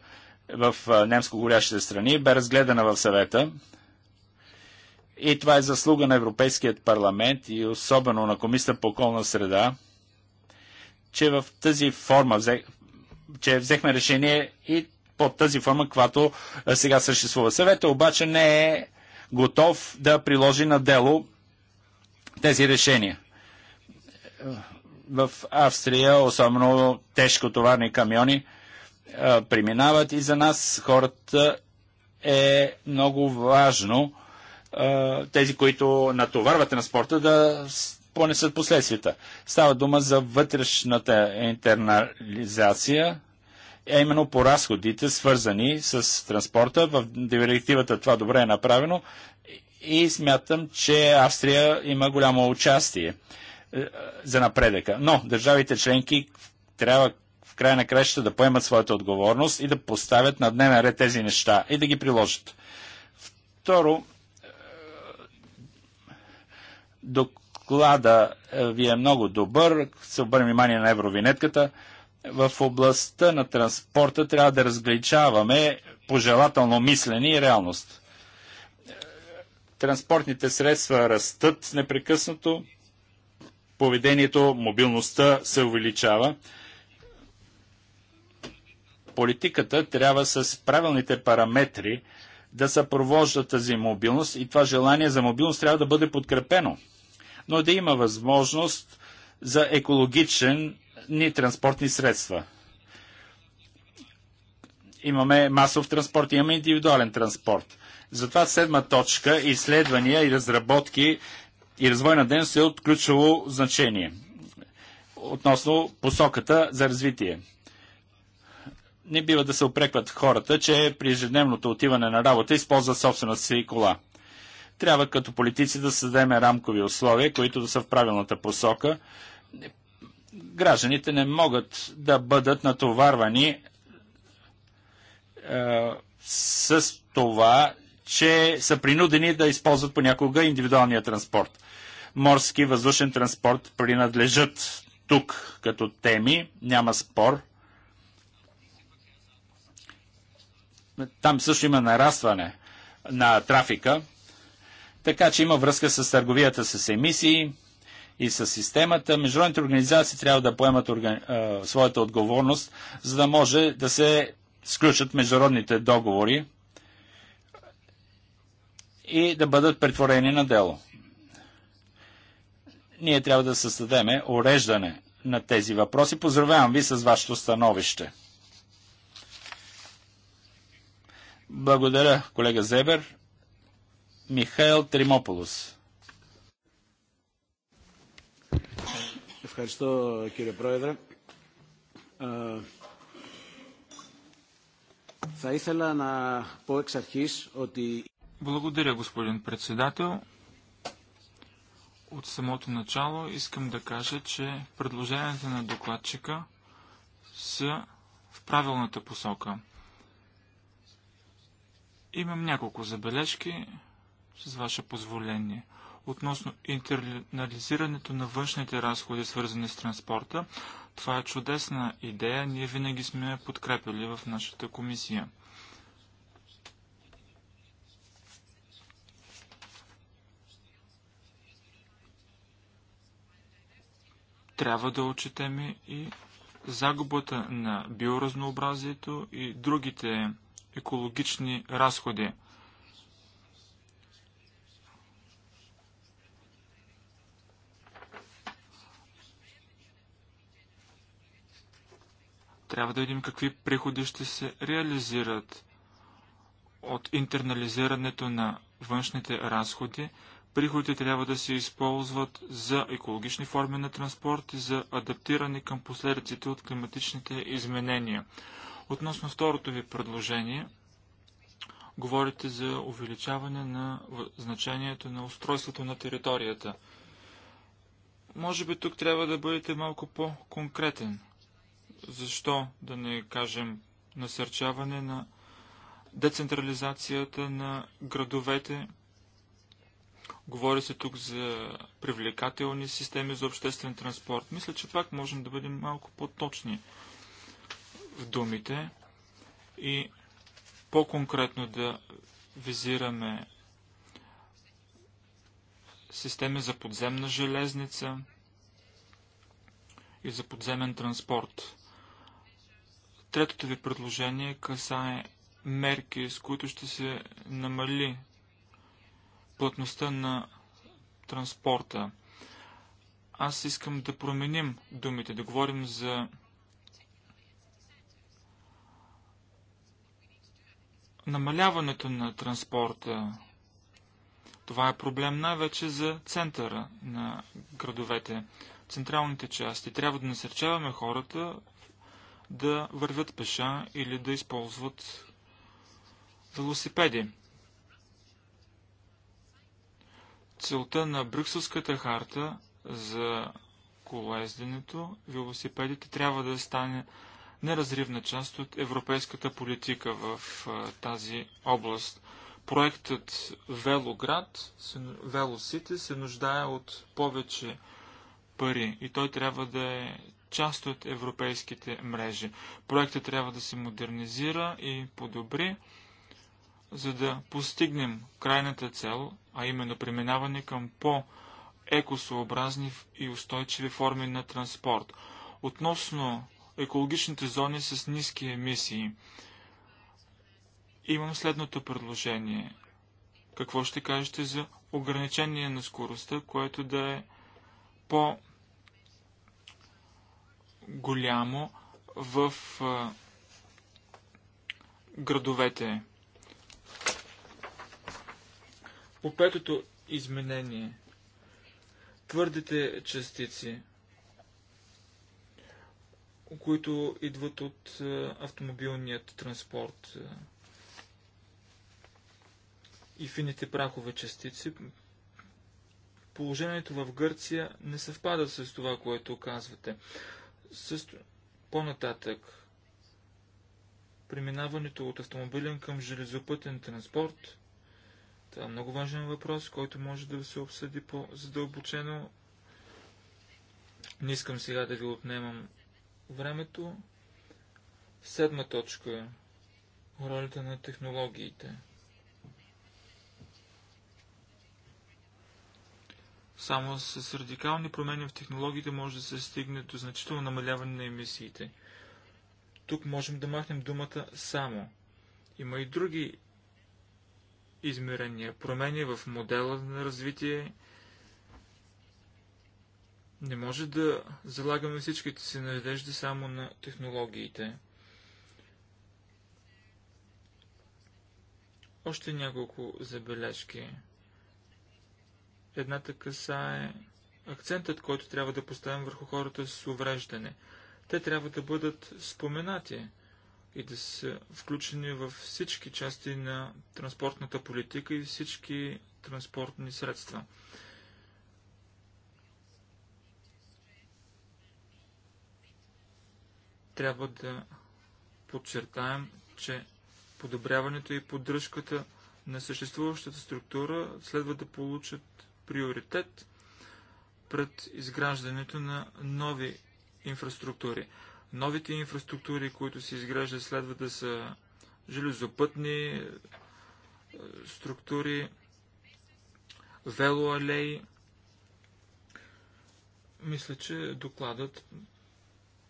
[SPEAKER 1] в немско горящите страни, бе разгледана в съвета. И това е заслуга на Европейският парламент и особено на Комисията по околна среда, че в тази форма, че взехме решение и под тази форма, която сега съществува. Съвета обаче не е готов да приложи на дело тези решения в Австрия, особено тежкотоварни камиони, преминават и за нас хората е много важно тези, които натоварват на спорта, да понесат последствията. Става дума за вътрешната интернализация, а е именно по разходите, свързани с транспорта. В директивата това добре е направено и смятам, че Австрия има голямо участие е, за напредъка. Но държавите членки трябва в края на краща да поемат своята отговорност и да поставят на дневен ред тези неща и да ги приложат. Второ, е, доклада е, ви е много добър. Се обърнем внимание на евровинетката. В областта на транспорта трябва да разгличаваме пожелателно мислене и реалност. Транспортните средства растат непрекъснато поведението, мобилността се увеличава. Политиката трябва с правилните параметри да съпровожда тази мобилност и това желание за мобилност трябва да бъде подкрепено. Но да има възможност за екологичен ни транспортни средства. Имаме масов транспорт, имаме индивидуален транспорт. Затова седма точка изследвания и разработки и развой на дейност е от ключово значение относно посоката за развитие. Не бива да се опрекват хората, че при ежедневното отиване на работа използват собствената си кола. Трябва като политици да създадем рамкови условия, които да са в правилната посока. Гражданите не могат да бъдат натоварвани е, с това, че са принудени да използват понякога индивидуалния транспорт. Морски, въздушен транспорт принадлежат тук като теми, няма спор. Там също има нарастване на трафика, така че има връзка с търговията с емисии и с системата. Международните организации трябва да поемат органи... своята отговорност, за да може да се сключат международните договори и да бъдат претворени на дело. Ние трябва да създадеме уреждане на тези въпроси. Поздравявам ви с вашето становище. Благодаря, колега Зебер. Михаил Тримополос.
[SPEAKER 2] Ευχαριστώ κύριε Πρόεδρε. Θα ήθελα να πω εξ αρχής ότι...
[SPEAKER 3] Благодаря, господин председател. От самото начало искам да кажа, че предложенията на докладчика са в правилната посока. Имам няколко забележки, с ваше позволение. Относно интернализирането на външните разходи, свързани с транспорта, това е чудесна идея, ние винаги сме подкрепили в нашата комисия. трябва да отчетем и загубата на биоразнообразието и другите екологични разходи. Трябва да видим какви приходи ще се реализират от интернализирането на външните разходи, Приходите трябва да се използват за екологични форми на транспорт и за адаптиране към последиците от климатичните изменения. Относно второто ви предложение, говорите за увеличаване на значението на устройството на територията. Може би тук трябва да бъдете малко по-конкретен. Защо да не кажем насърчаване на децентрализацията на градовете, Говори се тук за привлекателни системи за обществен транспорт. Мисля, че пак можем да бъдем малко по-точни в думите и по-конкретно да визираме системи за подземна железница и за подземен транспорт. Третото ви предложение касае мерки, с които ще се намали плътността на транспорта. Аз искам да променим думите, да говорим за намаляването на транспорта. Това е проблем най-вече за центъра на градовете, централните части. Трябва да насърчаваме хората да вървят пеша или да използват велосипеди. целта на Брюкселската харта за колоезденето, велосипедите трябва да стане неразривна част от европейската политика в тази област. Проектът Велоград, Велосити се нуждае от повече пари и той трябва да е част от европейските мрежи. Проектът трябва да се модернизира и подобри за да постигнем крайната цел, а именно преминаване към по-екосообразни и устойчиви форми на транспорт. Относно екологичните зони с ниски емисии, имам следното предложение. Какво ще кажете за ограничение на скоростта, което да е по голямо в градовете? По петото изменение. Твърдите частици, които идват от е, автомобилният транспорт е, и фините прахове частици, положението в Гърция не съвпада с това, което казвате. Също по-нататък, преминаването от автомобилен към железопътен транспорт това е много важен въпрос, който може да се обсъди по-задълбочено. Не искам сега да ви отнемам времето. Седма точка е ролята на технологиите. Само с радикални промени в технологиите може да се стигне до значително намаляване на емисиите. Тук можем да махнем думата само. Има и други измерения, промени в модела на развитие. Не може да залагаме всичките си надежди само на технологиите. Още няколко забележки. Едната е акцентът, който трябва да поставим върху хората с увреждане. Те трябва да бъдат споменати и да са включени във всички части на транспортната политика и всички транспортни средства. Трябва да подчертаем, че подобряването и поддръжката на съществуващата структура следва да получат приоритет пред изграждането на нови инфраструктури. Новите инфраструктури, които се изграждат, следва да са железопътни е, структури, велоалеи. Мисля, че докладът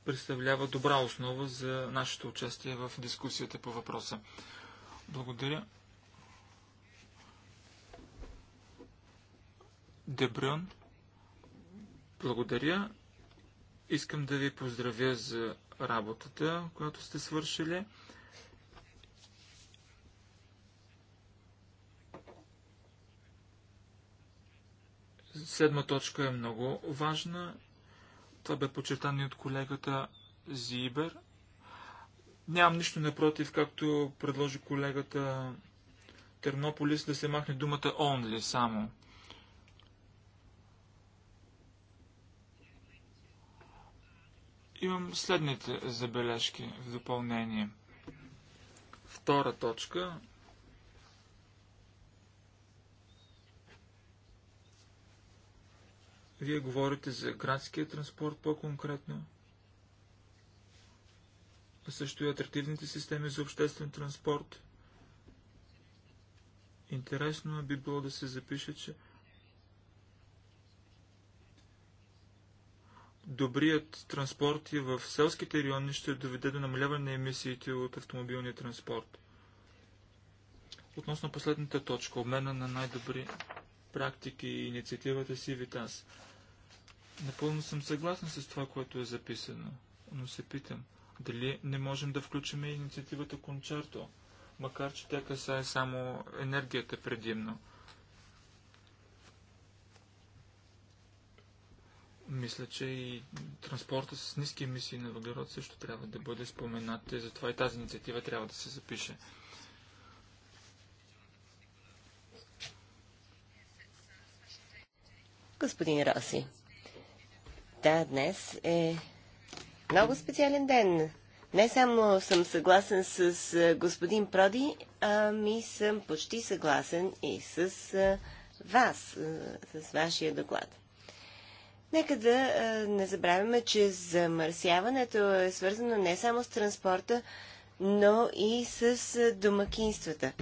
[SPEAKER 3] представлява добра основа за нашето участие в дискусията по въпроса. Благодаря. Дебрън, Благодаря. Искам да ви поздравя за работата, която сте свършили. Седма точка е много важна. Това бе подчертано от колегата Зибер. Нямам нищо напротив, както предложи колегата Тернополис, да се махне думата only само. Имам следните забележки в допълнение. Втора точка. Вие говорите за градския транспорт по-конкретно, а също и атрактивните системи за обществен транспорт. Интересно би било да се запише, че добрият транспорт и в селските райони ще доведе до намаляване на емисиите от автомобилния транспорт. Относно последната точка, обмена на най-добри практики и инициативата си Витас. Напълно съм съгласен с това, което е записано, но се питам, дали не можем да включим инициативата Кончарто, макар че тя касае само енергията предимно – Мисля, че и транспорта с ниски емисии на въглерод също трябва да бъде споменат и затова и тази инициатива трябва да се запише.
[SPEAKER 2] Господин Роси, да, днес е много специален ден. Не само съм съгласен с господин Проди, ми съм почти съгласен и с вас, с вашия доклад. Нека да не забравяме, че замърсяването е свързано не само с транспорта, но и с домакинствата.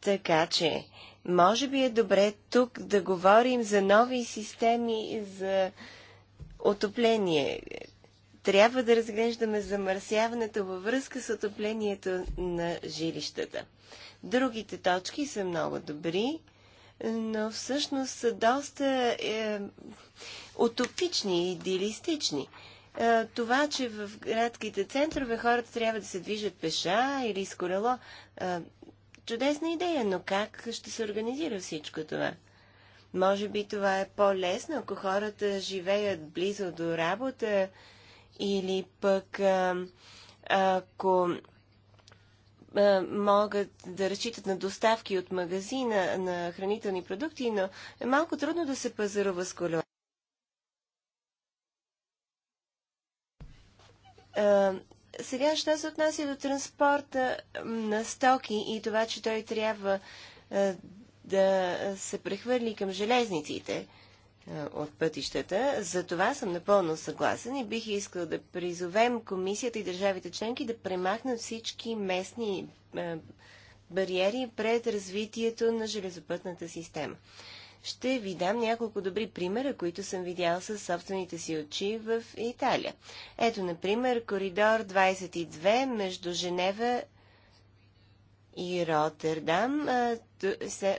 [SPEAKER 2] Така че, може би е добре тук да говорим за нови системи за отопление, трябва да разглеждаме замърсяването във връзка с отоплението на жилищата. Другите точки са много добри, но всъщност са доста е, утопични и идеалистични. Е, това, че в градските центрове хората трябва да се движат пеша или с колело, е, чудесна идея, но как ще се организира всичко това? Може би това е по-лесно, ако хората живеят близо до работа или пък ако могат да разчитат на доставки от магазина на хранителни продукти, но е малко трудно да се пазарува с колело. Сега, що се отнася до транспорта на стоки и това, че той трябва да се прехвърли към железниците, е, от пътищата. За това съм напълно съгласен и бих искал да призовем комисията и държавите членки да премахнат всички местни е, бариери пред развитието на железопътната система. Ще ви дам няколко добри примера, които съм видял със собствените си очи в Италия. Ето, например, коридор 22 между Женева и Роттердам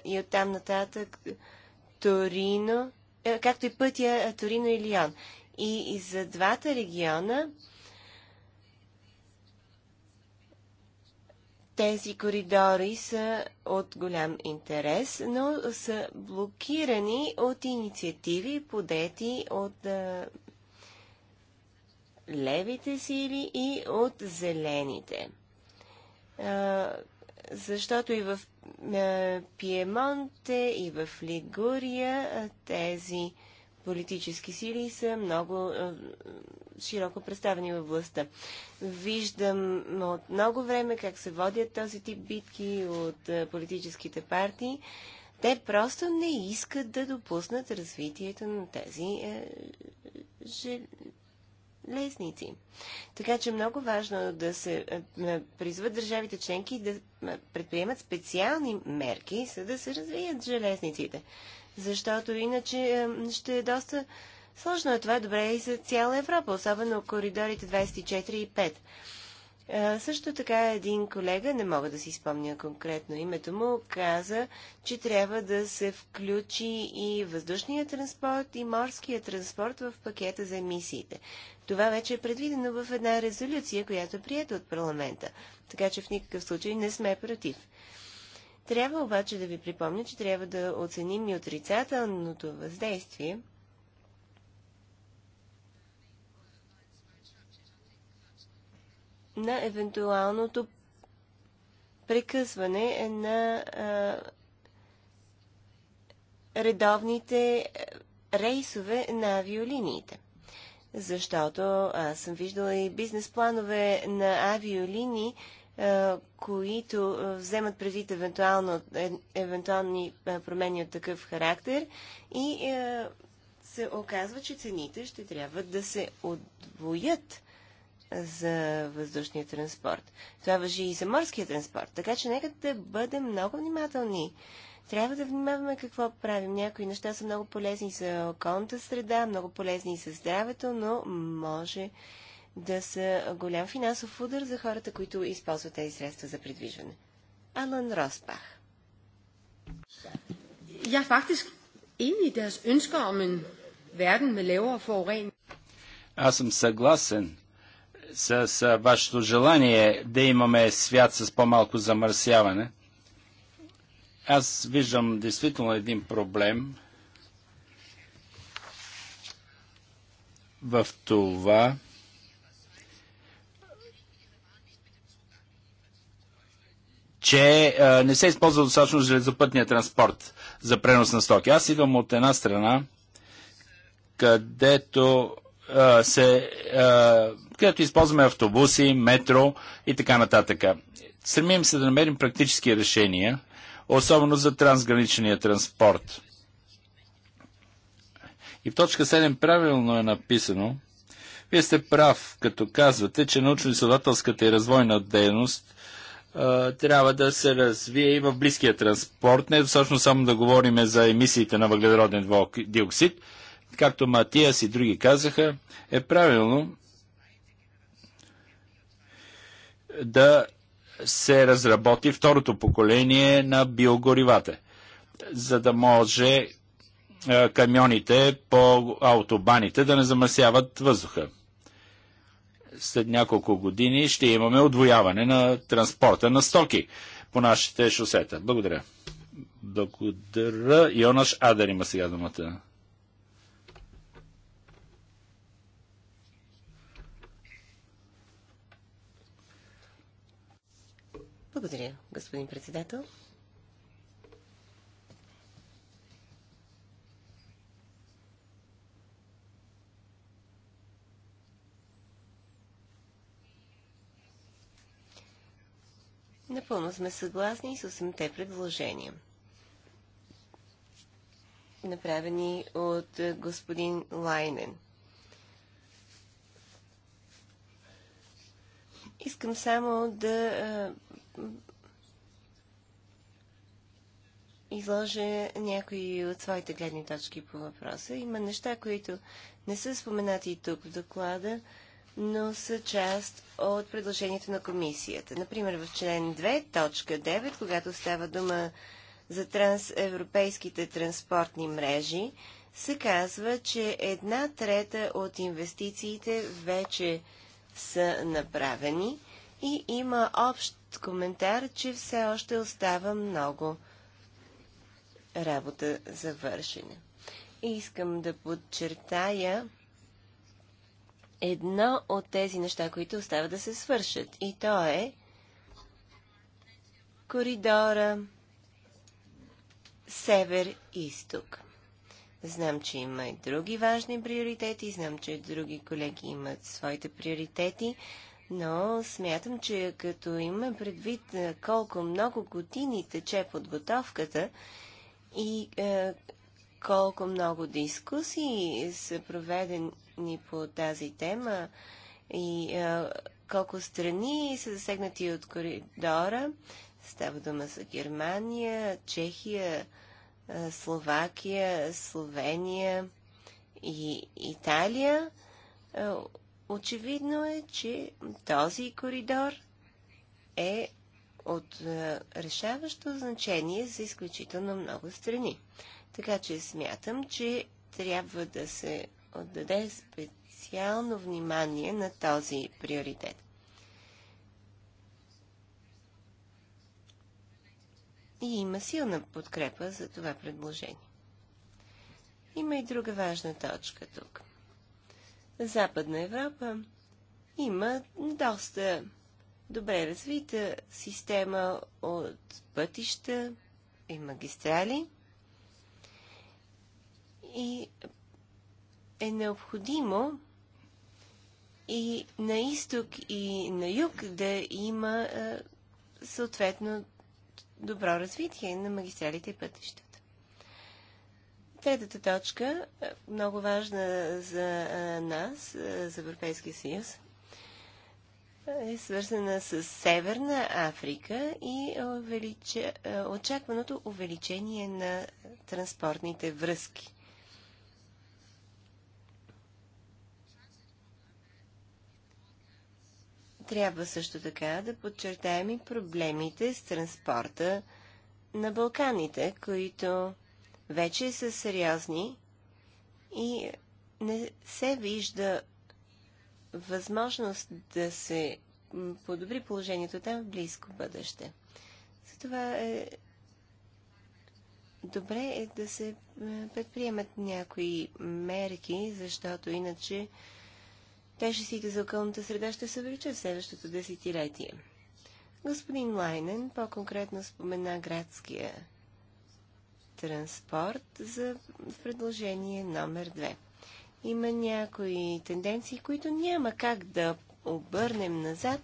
[SPEAKER 2] и оттам нататък Торино, е, както и пътя е, Торино и Лион. И, за двата региона тези коридори са от голям интерес, но са блокирани от инициативи, подети от е, левите сили и от зелените. защото и в е, Пиемонте и в Лигурия е, тези политически сили са много е, широко представени във властта. Виждам от много време как се водят този тип битки от политическите партии. Те просто не искат да допуснат развитието на тези лесници. Така че много важно е да се е, призват държавите членки да предприемат специални мерки, за да се развият железниците. Защото иначе е, ще е доста сложно. това е добре и за цяла Европа, особено коридорите 24 и 5 също така един колега, не мога да си спомня конкретно името му, каза, че трябва да се включи и въздушния транспорт и морския транспорт в пакета за емисиите. Това вече е предвидено в една резолюция, която е приета от парламента, така че в никакъв случай не сме против. Трябва обаче да ви припомня, че трябва да оценим и отрицателното въздействие – на евентуалното прекъсване на а, редовните рейсове на авиолиниите. Защото аз съм виждала и бизнес планове на авиолинии, които вземат предвид евентуално, е, евентуални промени от такъв характер и се оказва, че цените ще трябва да се отвоят за въздушния транспорт. Това въжи и за морския транспорт. Така че нека да бъдем много внимателни. Трябва да внимаваме какво правим. Някои неща са много полезни за околната среда, много полезни и за здравето, но може да са голям финансов удар за хората, които използват тези средства за придвижване. Алан Роспах. Я фактически faktisk i deres ønsker om en verden med lavere forurening.
[SPEAKER 1] Аз съм съгласен с, с вашето желание да имаме свят с по-малко замърсяване. Аз виждам действително един проблем в това, че а, не се използва достатъчно железопътния транспорт за пренос на стоки. Аз идвам от една страна, където се, където използваме автобуси, метро и така нататък. Стремим се да намерим практически решения, особено за трансграничния транспорт. И в точка 7 правилно е написано, вие сте прав, като казвате, че научно-изследователската и развойна дейност трябва да се развие и в близкия транспорт. Не е достатъчно само да говорим за емисиите на въглероден диоксид, както Матиас и други казаха, е правилно да се разработи второто поколение на биогоривата, за да може камионите по автобаните да не замърсяват въздуха. След няколко години ще имаме отвояване на транспорта на стоки по нашите шосета. Благодаря. Благодаря. Йонаш Адер има сега думата.
[SPEAKER 2] Благодаря, господин председател. Напълно сме съгласни с 8-те предложения, направени от господин Лайнен. Искам само да изложа някои от своите гледни точки по въпроса. Има неща, които не са споменати тук в доклада, но са част от предложението на комисията. Например, в член 2, точка 9, когато става дума за трансевропейските транспортни мрежи, се казва, че една трета от инвестициите вече са направени – и има общ коментар, че все още остава много работа за вършене. Искам да подчертая едно от тези неща, които остава да се свършат. И то е коридора север-исток. Знам, че има и други важни приоритети, знам, че други колеги имат своите приоритети, но смятам, че като имаме предвид е, колко много години тече подготовката и е, колко много дискусии са проведени по тази тема и е, колко страни са засегнати от коридора, става дума за Германия, Чехия, е, Словакия, Словения и Италия, е, Очевидно е, че този коридор е от е, решаващо значение за изключително много страни. Така че смятам, че трябва да се отдаде специално внимание на този приоритет. И има силна подкрепа за това предложение. Има и друга важна точка тук – Западна Европа има доста добре развита система от пътища и магистрали и е необходимо и на изток и на юг да има съответно добро развитие на магистралите и пътищата. Третата точка, е, много важна за е, нас, е, за Европейския съюз, е свързана с Северна Африка и увеличе... очакваното увеличение на транспортните връзки. Трябва също така да подчертаем и проблемите с транспорта на Балканите, които вече са сериозни и не се вижда възможност да се подобри положението там в близко бъдеще. Затова е добре е да се е, предприемат някои мерки, защото иначе тежестите за околната среда ще се увеличат в следващото десетилетие. Господин Лайнен по-конкретно спомена градския транспорт за предложение номер 2. Има някои тенденции, които няма как да обърнем назад,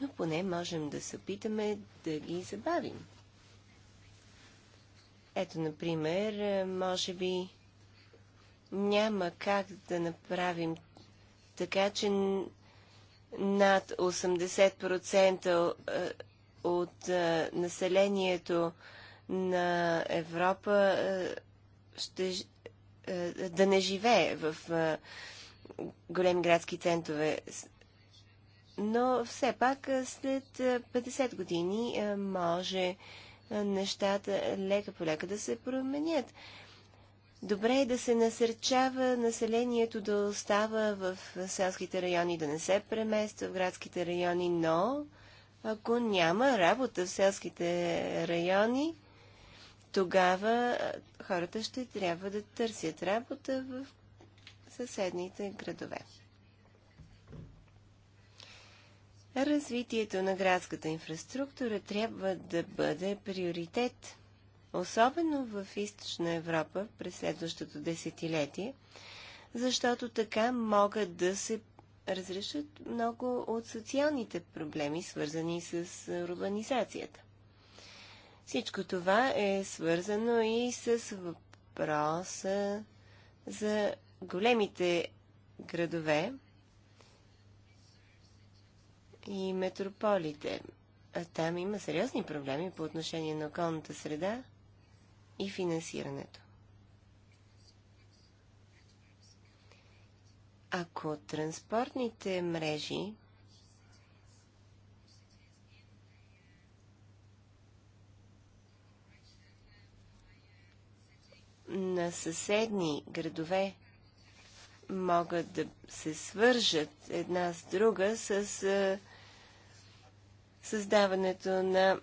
[SPEAKER 2] но поне можем да се опитаме да ги забавим. Ето, например, може би няма как да направим така, че над 80% от населението на Европа е, ще, е, да не живее в е, големи градски центрове. Но все пак след 50 години може нещата лека по лека да се променят. Добре е да се насърчава населението да остава в селските райони, да не се премества в градските райони, но ако няма работа в селските райони, тогава хората ще трябва да търсят работа в съседните градове. Развитието на градската инфраструктура трябва да бъде приоритет, особено в Източна Европа през следващото десетилетие, защото така могат да се разрешат много от социалните проблеми, свързани с урбанизацията. Всичко това е свързано и с въпроса за големите градове и метрополите. А там има сериозни проблеми по отношение на околната среда и финансирането. Ако транспортните мрежи на съседни градове могат да се свържат една с друга с създаването на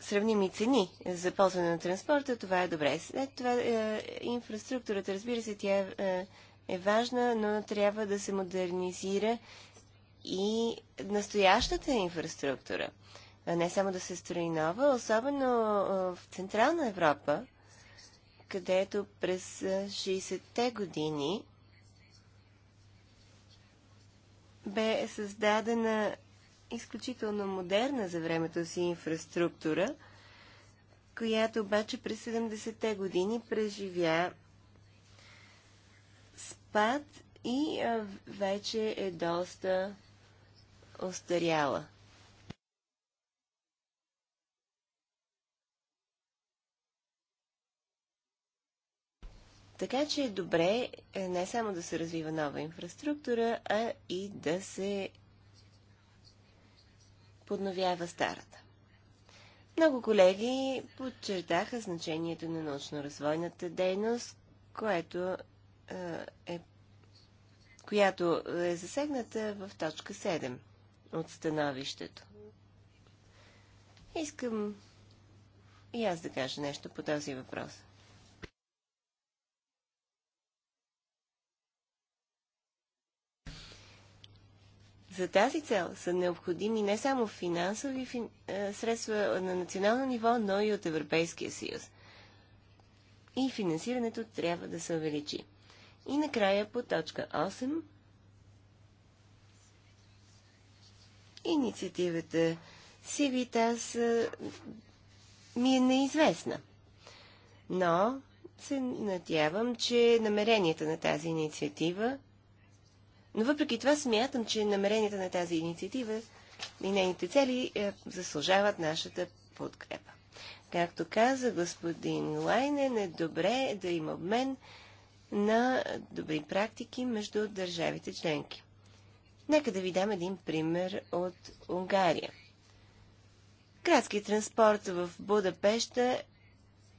[SPEAKER 2] сравними цени за ползване на транспорта, това е добре. След това е, инфраструктурата, разбира се, тя е, е важна, но трябва да се модернизира и настоящата инфраструктура не само да се строи нова, особено в Централна Европа, където през 60-те години бе създадена изключително модерна за времето си инфраструктура, която обаче през 70-те години преживя спад и вече е доста остаряла. Така че е добре е, не само да се развива нова инфраструктура, а и да се подновява старата. Много колеги подчертаха значението на научно-развойната дейност, което е, е която е засегната в точка 7 от становището. Искам и аз да кажа нещо по този въпрос. За тази цел са необходими не само финансови фин... Е, средства на национално ниво, но и от Европейския съюз. И финансирането трябва да се увеличи. И накрая по точка 8 инициативата Сивитас е, ми е неизвестна. Но се надявам, че намеренията на тази инициатива но въпреки това смятам, че намеренията на тази инициатива и нейните цели е, заслужават нашата подкрепа. Както каза господин Лайнен, е добре да има обмен на добри практики между държавите членки. Нека да ви дам един пример от Унгария. Градски транспорт в Будапеща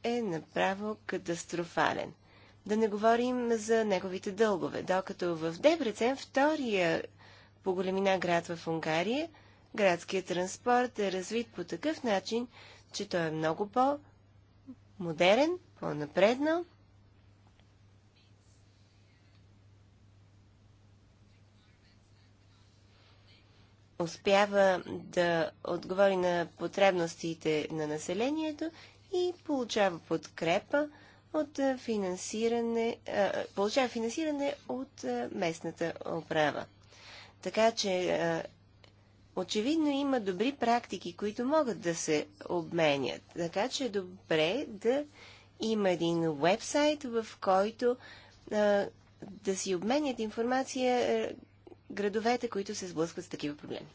[SPEAKER 2] е направо катастрофален – да не говорим за неговите дългове. Докато е в Дебрецен, втория по големина град в Унгария, градският транспорт е развит по такъв начин, че той е много по-модерен, по-напреднал. успява да отговори на потребностите на населението и получава подкрепа от финансиране, получава финансиране от местната управа. Така че очевидно има добри практики, които могат да се обменят. Така че е добре да има един вебсайт, в който да си обменят информация градовете, които се сблъскват с такива проблеми.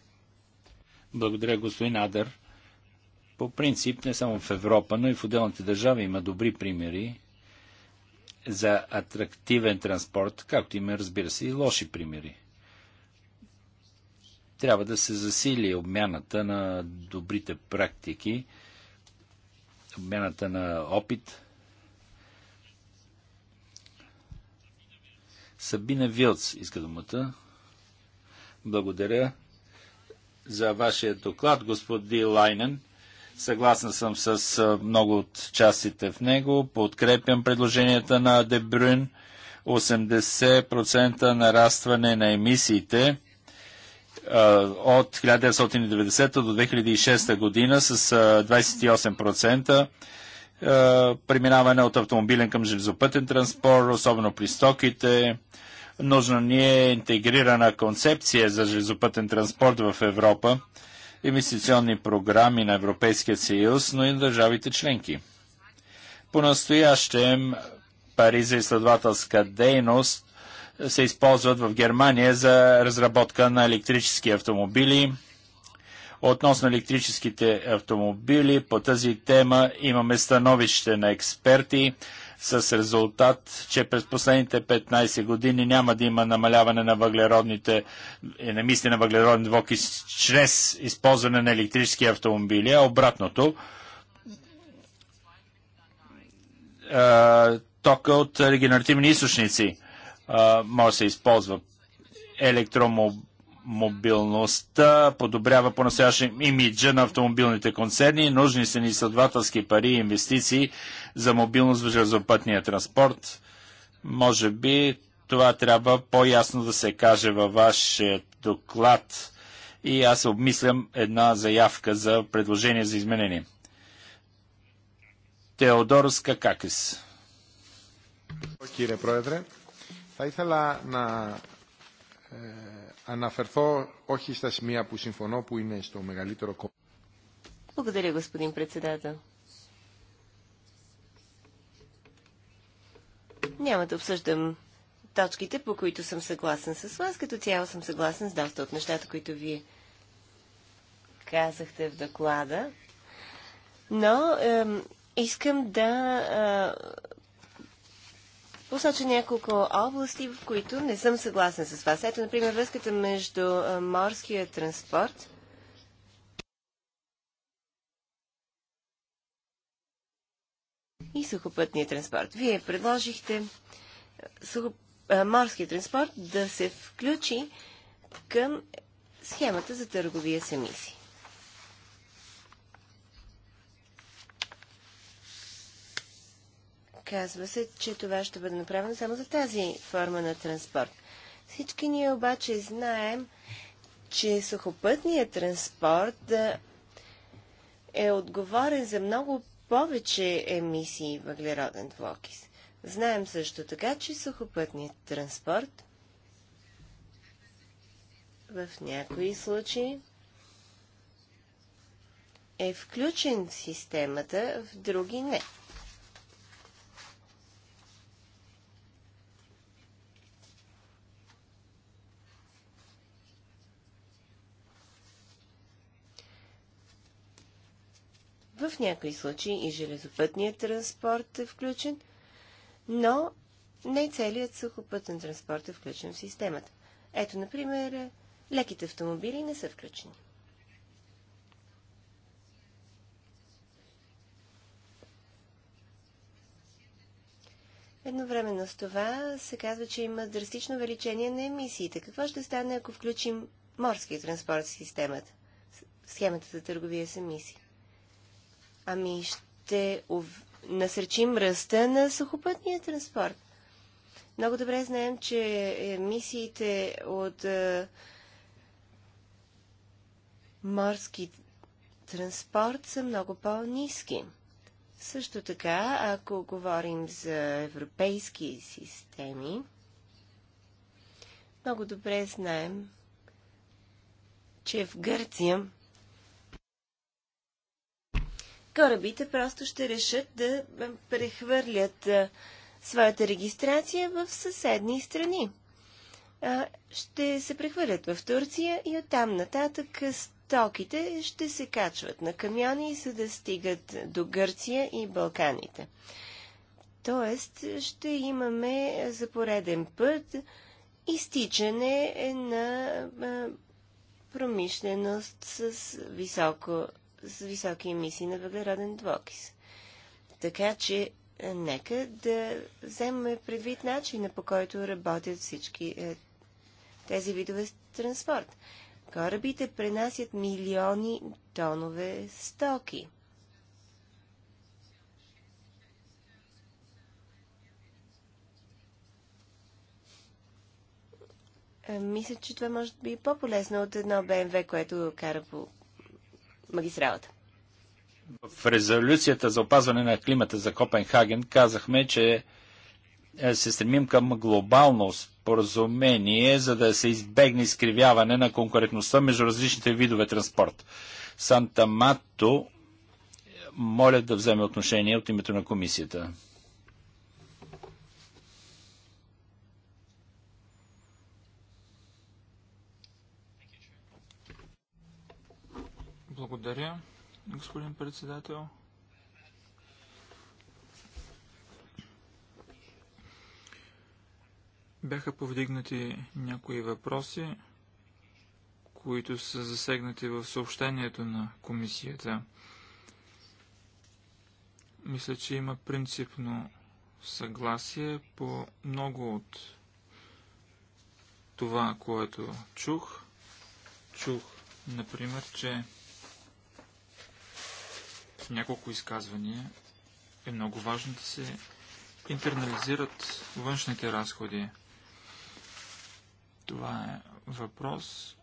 [SPEAKER 1] Благодаря, господин Адър. По принцип, не само в Европа, но и в отделните държави има добри примери за атрактивен транспорт, както има, разбира се, и лоши примери. Трябва да се засили обмяната на добрите практики, обмяната на опит. Сабина Вилц иска думата. Благодаря за вашия доклад, господин Лайнен. Съгласен съм с много от частите в него. Подкрепям предложенията на Дебрюн. 80% нарастване на емисиите от 1990 до 2006 година с 28% преминаване от автомобилен към железопътен транспорт, особено при стоките. Нужно ни е интегрирана концепция за железопътен транспорт в Европа инвестиционни програми на Европейския съюз, но и на държавите членки. По-настоящем пари за изследователска дейност се използват в Германия за разработка на електрически автомобили. Относно електрическите автомобили, по тази тема имаме становище на експерти, с резултат, че през последните 15 години няма да има намаляване на въглеродните е, мисли на въглеродни двоки чрез използване на електрически автомобили, а обратното е, тока от регенеративни източници е, може да се използва електромобили мобилността подобрява по-настоящем имиджа на автомобилните концерни. Нужни са ни следователски пари и инвестиции за мобилност в железопътния транспорт. Може би това трябва по-ясно да се каже във вашия доклад. И аз обмислям една заявка за предложение за изменение. Теодор Скакакис. Кире Проедре, θα ήθελα να αναφερθώ όχι στα σημεία που συμφωνώ που είναι στο μεγαλύτερο κόμμα.
[SPEAKER 2] Благодаря, господин председател. Няма да обсъждам точките, по които съм съгласен с вас. Като цяло съм съгласен с доста от нещата, които вие казахте в доклада. Но е, искам да е, посоча няколко области, в които не съм съгласна с вас. Ето, например, връзката между морския транспорт и сухопътния транспорт. Вие предложихте морския транспорт да се включи към схемата за търговия с емисии. Казва се, че това ще бъде направено само за тази форма на транспорт. Всички ние обаче знаем, че сухопътният транспорт е отговорен за много повече емисии въглероден двуокис. Знаем също така, че сухопътният транспорт в някои случаи е включен в системата, в други не. В някои случаи и железопътният транспорт е включен, но не целият сухопътен транспорт е включен в системата. Ето, например, леките автомобили не са включени. Едновременно с това се казва, че има драстично увеличение на емисиите. Какво ще стане, ако включим морския транспорт в системата? схемата за търговия с емисии. Ами ще насречим ръста на сухопътния транспорт. Много добре знаем, че емисиите от морски транспорт са много по-низки. Също така, ако говорим за европейски системи, много добре знаем, че в Гърция корабите просто ще решат да прехвърлят своята регистрация в съседни страни. Ще се прехвърлят в Турция и оттам нататък стоките ще се качват на камиони, за да стигат до Гърция и Балканите. Тоест ще имаме за пореден път изтичане на промишленост с високо с високи емисии на въглероден двокис. Така че е, нека да вземем предвид начина по който работят всички е, тези видове транспорт. Корабите пренасят милиони тонове стоки. Е, мисля, че това може би по-полезно от едно БМВ, което кара по магистралата.
[SPEAKER 1] В резолюцията за опазване на климата за Копенхаген казахме, че е, се стремим към глобално споразумение, за да се избегне изкривяване на конкурентността между различните видове транспорт. Санта Мато моля да вземе отношение от името на комисията.
[SPEAKER 3] Благодаря, господин председател. Бяха повдигнати някои въпроси, които са засегнати в съобщението на комисията. Мисля, че има принципно съгласие по много от това, което чух. Чух, например, че няколко изказвания, е много важно да се интернализират външните разходи. Това е въпрос,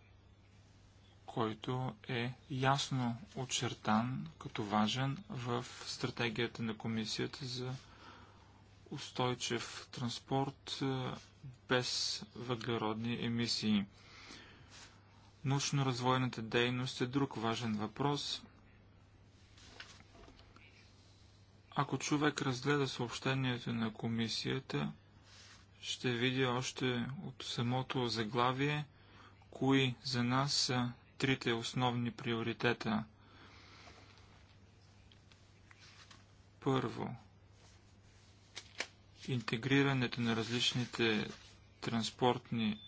[SPEAKER 3] който е ясно очертан като важен в стратегията на Комисията за устойчив транспорт е, без въглеродни емисии. Научно-развойната дейност е друг важен въпрос. Ако човек разгледа съобщението на комисията, ще види още от самото заглавие, кои за нас са трите основни приоритета. Първо, интегрирането на различните транспортни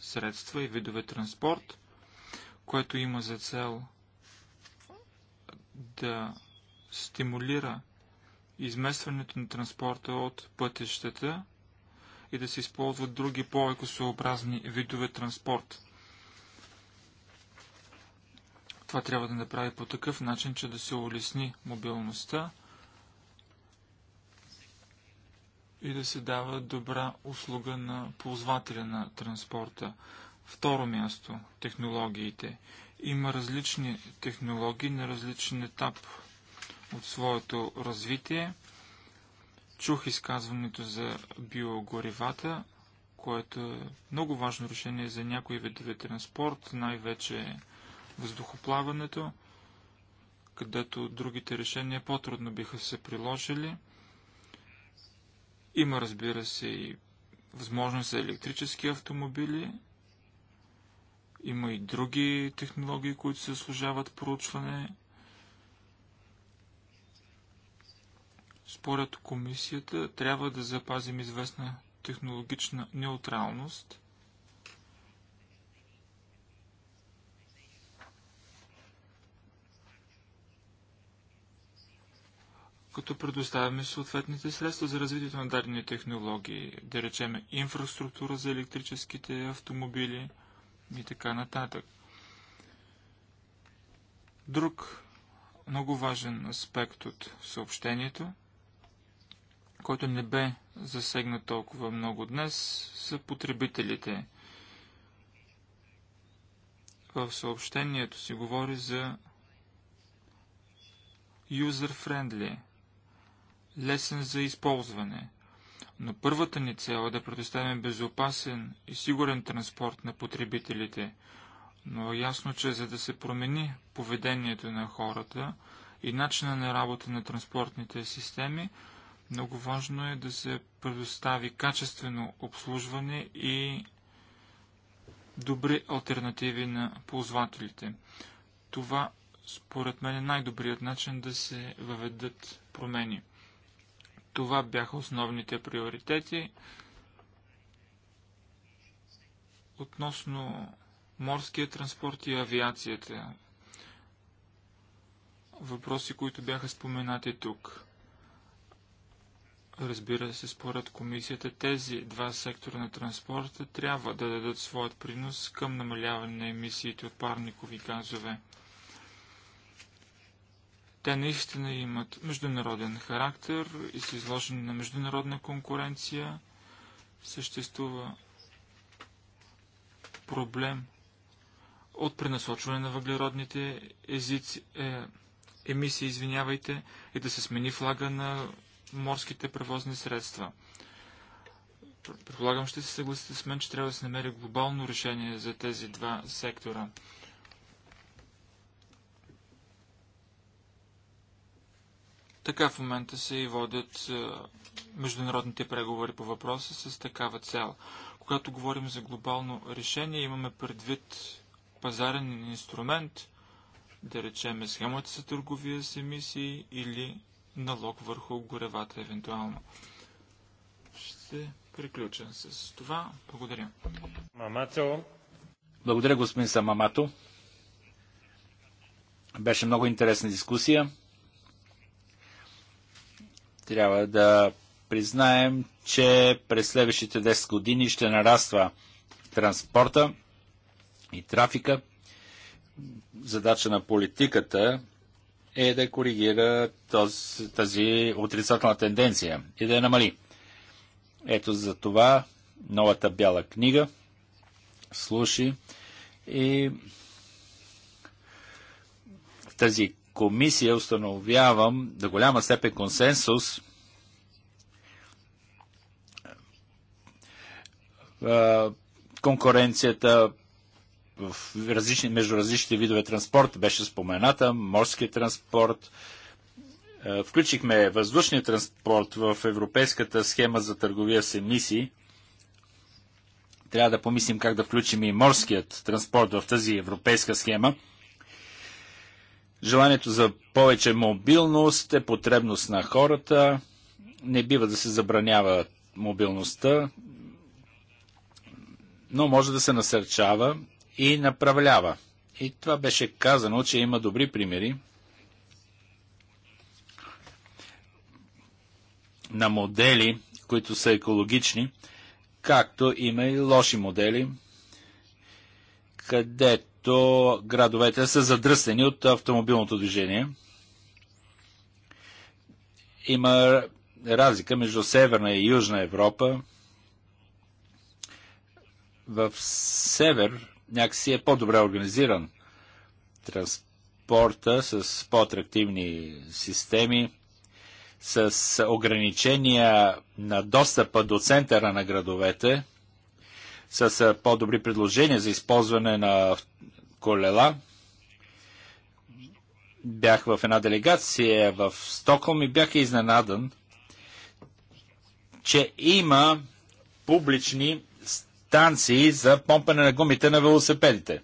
[SPEAKER 3] средства и видове транспорт, което има за цел да стимулира изместването на транспорта от пътищата и да се използват други по-екосообразни видове транспорт. Това трябва да направи по такъв начин, че да се улесни мобилността и да се дава добра услуга на ползвателя на транспорта. Второ място – технологиите. Има различни технологии на различен етап от своето развитие. Чух изказването за биогоривата, което е много важно решение за някои видове транспорт, най-вече въздухоплаването, където другите решения по-трудно биха се приложили. Има, разбира се, и възможност за електрически автомобили. Има и други технологии, които се служават проучване. Според комисията трябва да запазим известна технологична неутралност. като предоставяме съответните средства за развитието на дадени технологии, да речем инфраструктура за електрическите автомобили и така нататък. Друг много важен аспект от съобщението – който не бе засегнат толкова много днес, са потребителите. В съобщението се говори за user-friendly, лесен за използване. Но първата ни цел е да предоставим безопасен и сигурен транспорт на потребителите. Но е ясно, че за да се промени поведението на хората и начина на работа на транспортните системи, много важно е да се предостави качествено обслужване и добри альтернативи на ползвателите. Това, според мен, е най-добрият начин да се въведат промени. Това бяха основните приоритети. Относно морския транспорт и авиацията. Въпроси, които бяха споменати тук. Разбира се, според комисията, тези два сектора на транспорта трябва да дадат своят принос към намаляване на емисиите от парникови газове. Те наистина имат международен характер и са изложени на международна конкуренция. Съществува проблем от пренасочване на въглеродните езици, е, емисии, извинявайте, и да се смени флага на морските превозни средства. Предполагам, ще се съгласите с мен, че трябва да се намери глобално решение за тези два сектора. Така в момента се и водят е, международните преговори по въпроса с такава цел. Когато говорим за глобално решение, имаме предвид пазарен инструмент, да речем схемата за търговия с емисии или налог върху горевата евентуално. Ще приключа с това. Благодаря. Мамато.
[SPEAKER 1] Благодаря, господин Самамато. Беше много интересна дискусия. Трябва да признаем, че през следващите 10 години ще нараства транспорта и трафика. Задача на политиката е да коригира този, тази отрицателна тенденция и да я намали. Ето за това новата бяла книга слуши и в тази комисия установявам до голяма степен консенсус конкуренцията, в различни, между различните видове транспорт. Беше спомената морския транспорт. Е, включихме въздушния транспорт в европейската схема за търговия с емисии. Трябва да помислим как да включим и морският транспорт в тази европейска схема. Желанието за повече мобилност е потребност на хората. Не бива да се забранява мобилността, но може да се насърчава и направлява. И това беше казано, че има добри примери на модели, които са екологични, както има и лоши модели, където градовете са задръстени от автомобилното движение. Има разлика между Северна и Южна Европа. В Север някакси е по-добре организиран. Транспорта с по-атрактивни системи, с ограничения на достъпа до центъра на градовете, с по-добри предложения за използване на колела. Бях в една делегация в Стокхолм и бях изненадан, че има публични станции за помпане на гумите на велосипедите.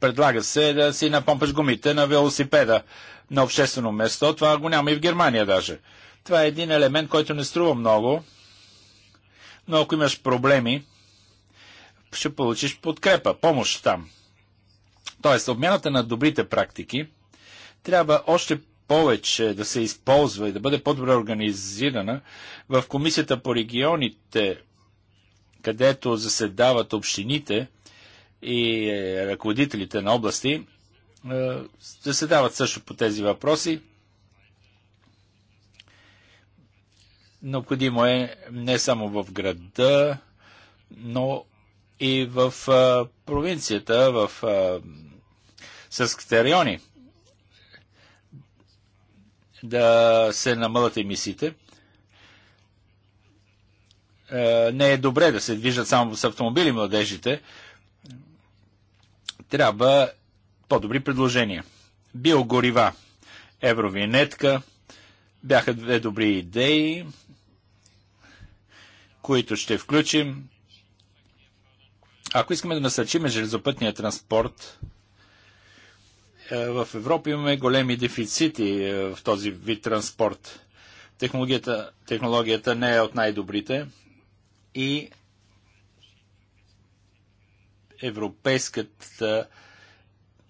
[SPEAKER 1] Предлага се да си напомпаш гумите на велосипеда на обществено место. Това го няма и в Германия даже. Това е един елемент, който не струва много, но ако имаш проблеми, ще получиш подкрепа, помощ там. Тоест, обмяната на добрите практики трябва още повече да се използва и да бъде по-добре организирана в комисията по регионите, където заседават общините и е, ръководителите на области, е, заседават също по тези въпроси. Необходимо е не само в града, но и в е, провинцията, в сърските райони – да се намалят емисиите. Е, не е добре да се движат само с автомобили младежите. Трябва по-добри предложения. Биогорива, евровинетка бяха две добри идеи, които ще включим. Ако искаме да насърчиме железопътния транспорт, е, в Европа имаме големи дефицити е, в този вид транспорт. Технологията, технологията не е от най-добрите и европейската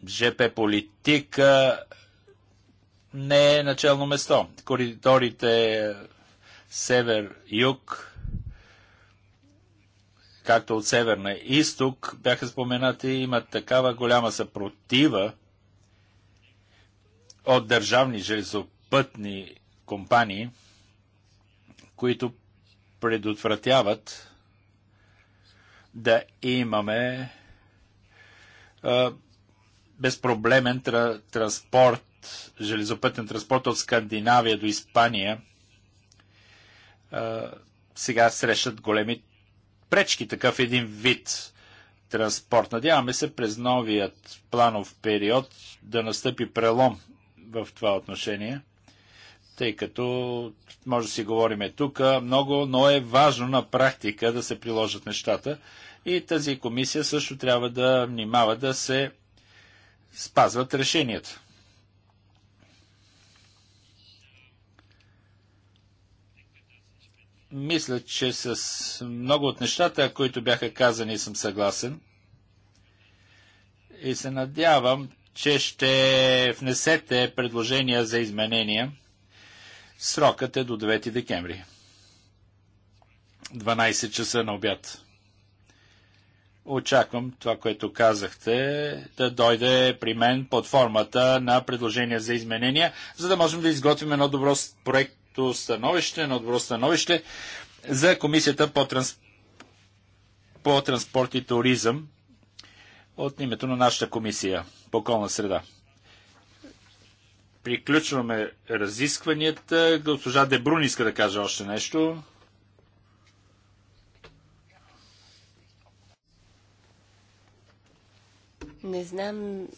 [SPEAKER 1] ЖП политика не е начално место. Коридорите е, север-юг, както от север на изток, бяха споменати, имат такава голяма съпротива от държавни железопътни компании, които предотвратяват да имаме а, безпроблемен тра, транспорт, железопътен транспорт от Скандинавия до Испания. А, сега срещат големи пречки, такъв един вид транспорт. Надяваме се през новият планов период да настъпи прелом в това отношение, тъй като може да си говориме тук много, но е важно на практика да се приложат нещата и тази комисия също трябва да внимава да се спазват решенията. Мисля, че с много от нещата, които бяха казани, съм съгласен. И се надявам че ще внесете предложения за изменения. Срокът е до 9 декември. 12 часа на обяд. Очаквам това, което казахте, да дойде при мен под формата на предложения за изменения, за да можем да изготвим едно добро проекто становище, едно добро становище за Комисията по, транс... по транспорт и туризъм от името на нашата комисия по околна среда. Приключваме разискванията. Госпожа Дебрун иска да каже още нещо.
[SPEAKER 2] Не знам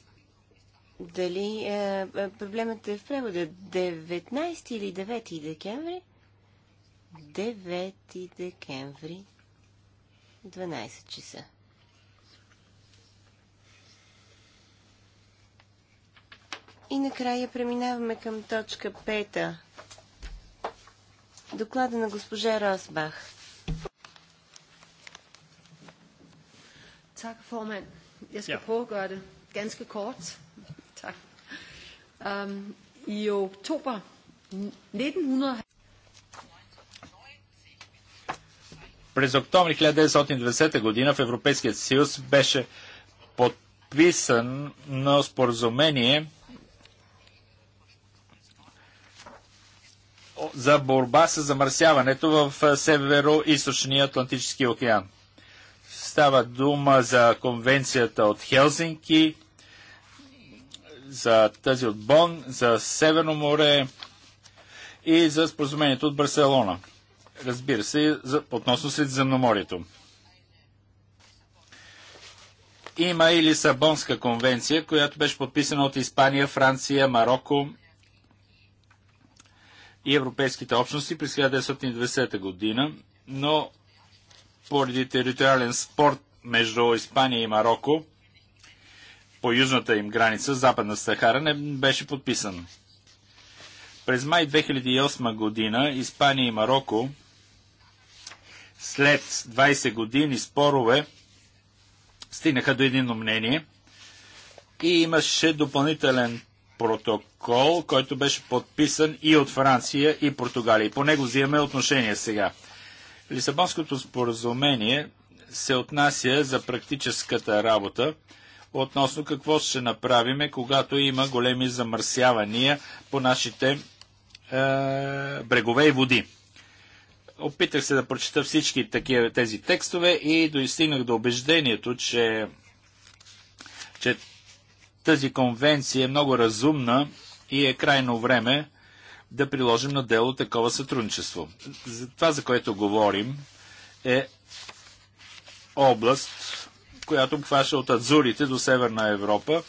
[SPEAKER 2] дали а, е, е, проблемът е в превода. 19 или 9 декември? 9 декември, 12 часа. И накрая преминаваме към точка пета. Доклада на госпожа Росбах. Tak, formand. Jeg skal ja. prøve at gøre det ganske kort. Tak. Um, I oktober 1900...
[SPEAKER 1] През октомври 1990 година в Европейския съюз беше подписано споразумение за борба с замърсяването в Северо-Източния Атлантически океан. Става дума за конвенцията от Хелзинки, за тази от Бон, за Северно море и за споразумението от Барселона. Разбира се, за, относно Средиземноморието. Има и Лисабонска конвенция, която беше подписана от Испания, Франция, Марокко, и европейските общности през 1990 година, но поради териториален спорт между Испания и Марокко по южната им граница, Западна Сахара, не беше подписан. През май 2008 година Испания и Марокко след 20 години спорове стигнаха до едно мнение и имаше допълнителен протокол, който беше подписан и от Франция и Португалия. И по него взимаме отношение сега. Лисабонското споразумение се отнася за практическата работа относно какво ще направиме, когато има големи замърсявания по нашите е, брегове и води. Опитах се да прочета всички такива тези текстове и достигнах до убеждението, че, че тази конвенция е много разумна и е крайно време да приложим на дело такова сътрудничество. За това, за което говорим, е област, която обхваща от Азурите до Северна Европа,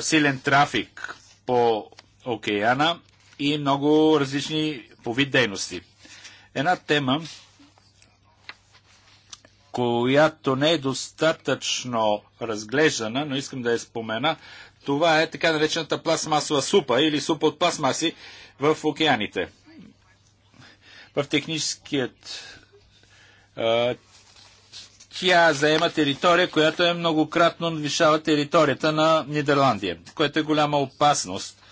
[SPEAKER 1] силен трафик по океана и много различни по вид дейности. Една тема, която не е достатъчно разглеждана, но искам да я спомена. Това е така наречената пластмасова супа или супа от пластмаси в океаните. В техническият тя заема територия, която е многократно надвишава територията на Нидерландия, което е голяма опасност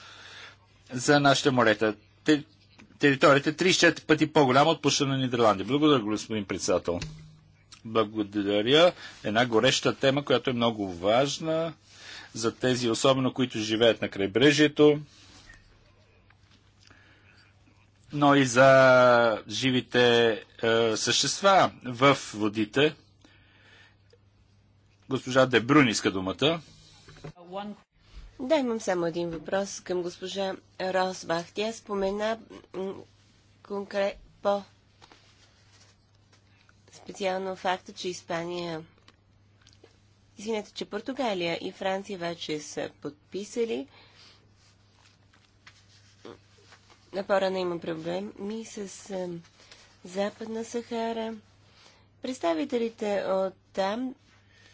[SPEAKER 1] за нашите морета. територията е 34 пъти по-голяма от площа на Нидерландия. Благодаря, господин председател. Благодаря. Една гореща тема, която е много важна за тези, особено които живеят на крайбрежието, но и за живите е, същества в водите. Госпожа Дебрун иска думата.
[SPEAKER 2] Да, имам само един въпрос към госпожа Росбах. Тя спомена конкретно по Специално факта, че Испания, извинете, че Португалия и Франция вече са подписали. На има проблеми с а, Западна Сахара. Представителите от там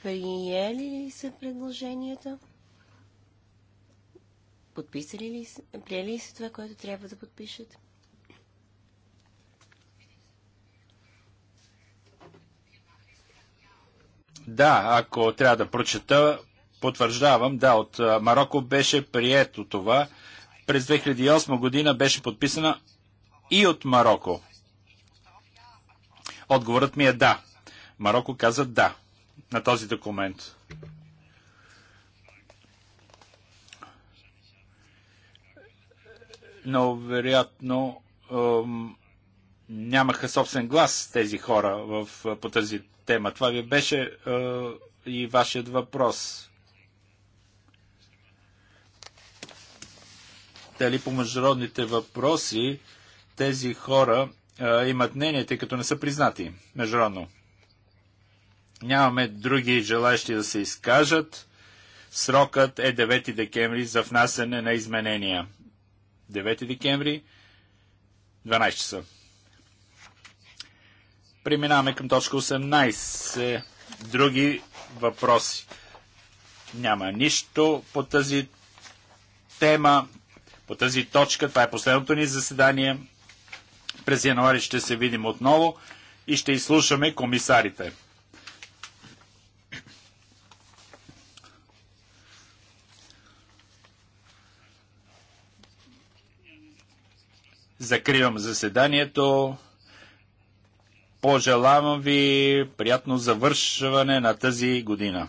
[SPEAKER 2] приели ли са предложението? Подписали ли са? Приели ли са това, което трябва да подпишат?
[SPEAKER 1] Да, ако трябва да прочета, потвърждавам, да, от Марокко беше прието това. През 2008 година беше подписана и от Марокко. Отговорът ми е да. Марокко каза да на този документ. Но вероятно нямаха собствен глас тези хора в, по тази тема. Това ви беше е, и вашият въпрос. Дали по международните въпроси тези хора е, имат мнение, тъй като не са признати международно. Нямаме други желащи да се изкажат. Срокът е 9 декември за внасяне на изменения. 9 декември, 12 часа. Преминаваме към точка 18. Други въпроси. Няма нищо по тази тема, по тази точка. Това е последното ни заседание. През януари ще се видим отново и ще изслушаме комисарите. Закривам заседанието. Пожелавам ви приятно завършване на тази година.